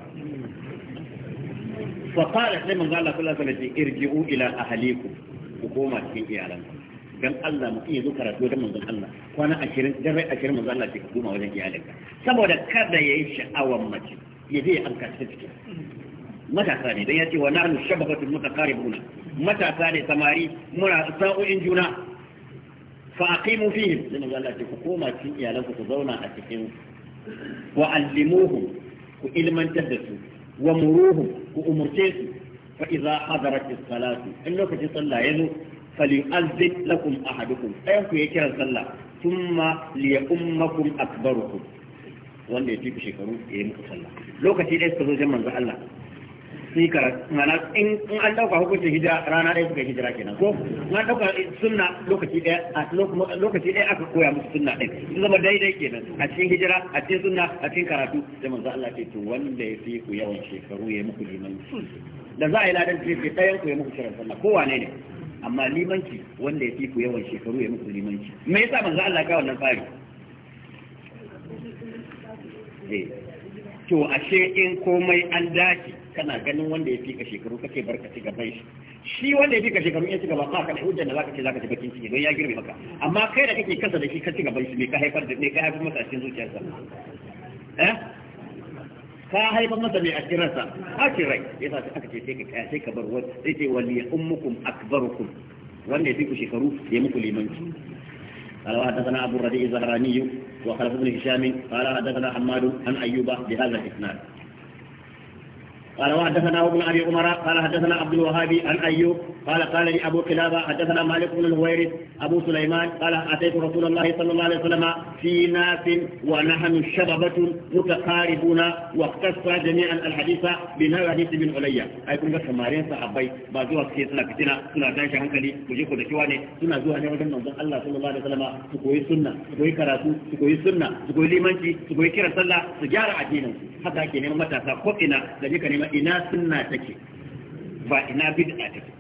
fa qala sai manzo Allah sallallahu alaihi wasallam irji'u ila ahlikum ku koma cikin iyalanku dan Allah mutum ya zo karatu wajen manzon Allah kwana 20 dan rai 20 manzon Allah ke koma wajen iyalinka saboda kada yayi sha'awan mace ya je an kace ciki matasa ne dan yace wa nahnu shabakatul mutaqaribuna matasa ne samari muna sa'o'in juna fa aqimu fihim dan Allah ku koma cikin iyalanku ku zauna a cikin wa allimuhum ku ilmantar da su wa muruhum ku umurce su fa idza hadarat as-salatu in lokacin sallah yazo فليؤذن لكم احدكم wanda ya shekaru ya yi muku sallah lokaci ɗaya suka zo jan manzo Allah sun yi mana in an ɗauka hukuncin hijira rana ɗaya suka hijira kenan ko in an ɗauka sunna lokaci ɗaya a lokaci ɗaya aka koya musu sunna ɗin sun zama daidai kenan a cikin hijira a cikin sunna a cikin karatu manzo Allah ce to wanda ya fi ku yawan da za a yi ladan ce ɗayan ku ya muku shirin sallah ne amma limanci wanda ya fi ku yawan shekaru ya muku limanci me yasa manzo Allah ka wannan fari? Eh. to ashe in komai an dace kana ganin wanda ya fi ka shekaru kake barka ci gaba shi shi wanda ya fi ka shekaru ya ci gaba ba ka da hujja da zaka ce zaka ci bakin ciki don ya girme maka amma kai da kake kasa da shi ka ci gaba shi me ka haifar da me ka haifar masa cikin zuciyarsa eh ka haifa masa mai akiransa akirai ya sa aka ce sai ka kaya sai ka bar wani sai ce wali ya ummukum akbarukum wanda ya fi ku shekaru ya muku limanci قال وحدثنا ابو الرديء الزهراني وخلف بن هشام قال حدثنا حماد عن ايوب بهذا الاسناد قال وحدثنا ابن ابي عمر قال حدثنا عبد الوهاب عن ايوب قال قال لي ابو قلابه حدثنا مالك بن الهويرث ابو سليمان قال اتيت رسول الله صلى الله عليه وسلم في ناس ونحن شببه متقاربون واقتص جميعا الحديث بنوع حديث بن عليا اي كن ga samarin sahabbai ba zuwa suke suna fitina suna tashi hankali ku je ku da kiwa ne suna zuwa ne wajen manzon Allah sallallahu alaihi wasallam su koyi sunna su koyi karatu su koyi sunna su koyi limanci su koyi kiran sallah su gyara addinin haka ke neman matasa ko ina da ne ka neman ina sunna take ba ina bid'a take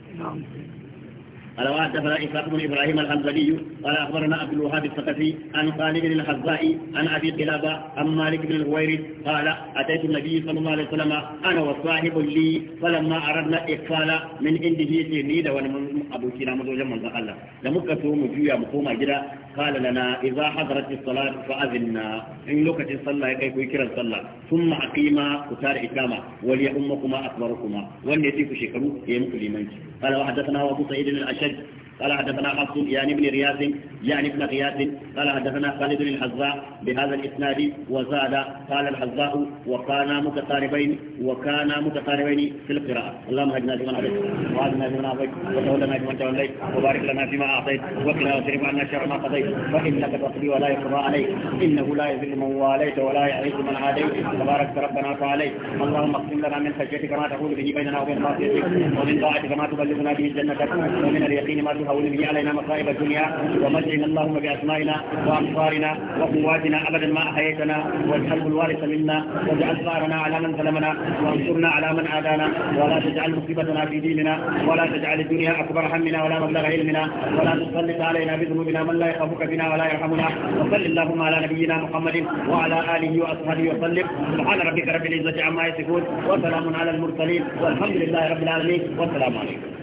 قال وحدثنا إسحاق بن إبراهيم الحمدلي قال أخبرنا عبد الوهاب الثقفي عن خالد بن الحذاء عن أبي قلابة عن مالك بن الهويرث قال أتيت النبي صلى الله عليه وسلم أنا وصاحب لي فلما أردنا إقفال من عنده سيرني دا من أبو كنا مزوجا من الله لمكة مجوية مقومة جدا قال لنا إذا حضرت الصلاة فأذنا إن لقت الصلاه كيف ويكرا الصلاه ثم أقيما كتار إقامة وليأمكما أكبركما والنتيك شكروا يمكن لمن قال وحدثنا أبو سعيد الاشعري said قال حدثنا حفص يعني ابن رياس يعني ابن غياث قال حدثنا خالد الحزاء بهذا الاسناد وزاد قال الحزاء وكانا متقاربين وكانا متقاربين في القراءة اللهم اجعلنا فيمن هديت وعافنا فيمن عافيت وتولنا فيمن توليت وبارك لنا فيما اعطيت وقنا واصرف عنا شر ما قضيت فانك تقضي ولا يقضى عليك انه لا يذل من واليت ولا يعز من عاديت تبارك ربنا وتعاليت اللهم اقسم لنا من خشيتك ما تقول به بيننا وبين معصيتك ومن طاعتك ما تبلغنا به جنتك ومن اليقين ما تبلغنا أو نبي علينا مصائب الدنيا ومجعلنا اللهم بأسمائنا وأمصارنا وقواتنا أبدا ما أحييتنا واجعله الوارث منا واجعل ثارنا على من ظلمنا وانصرنا على من عادانا ولا تجعل مصيبتنا في ديننا ولا تجعل الدنيا أكبر همنا ولا مبلغ علمنا ولا تسلط علينا بذنوبنا من لا يخافك بنا ولا يرحمنا وصل اللهم على نبينا محمد وعلى آله وأصحابه وسلم سبحان ربك رب العزة عما يصفون وسلام على المرسلين والحمد لله رب العالمين والسلام عليكم